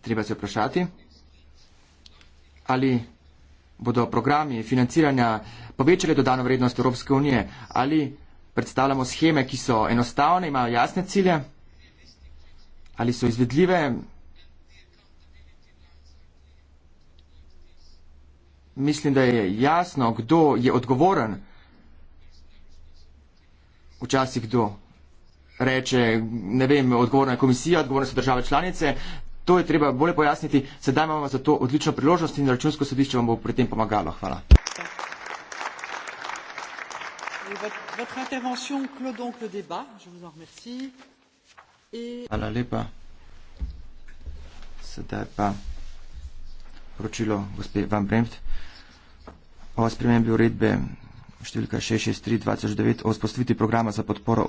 Treba se vprašati, ali bodo programi financiranja povečali dodano vrednost Evropske unije, ali predstavljamo scheme, ki so enostavne, imajo jasne cilje, ali so izvedljive, mislim, da je jasno, kdo je odgovoren. Včasih kdo reče, ne vem, odgovorna je komisija, odgovorne so države članice. To je treba bolje pojasniti. Sedaj imamo za to odlično priložnost in računsko sodišče vam bo pri tem pomagalo. Hvala. Hvala lepa. Sedaj pa poročilo gospe Van Bremt o spremembi uredbe številka 663-2009 o spostavitvi programa za podporo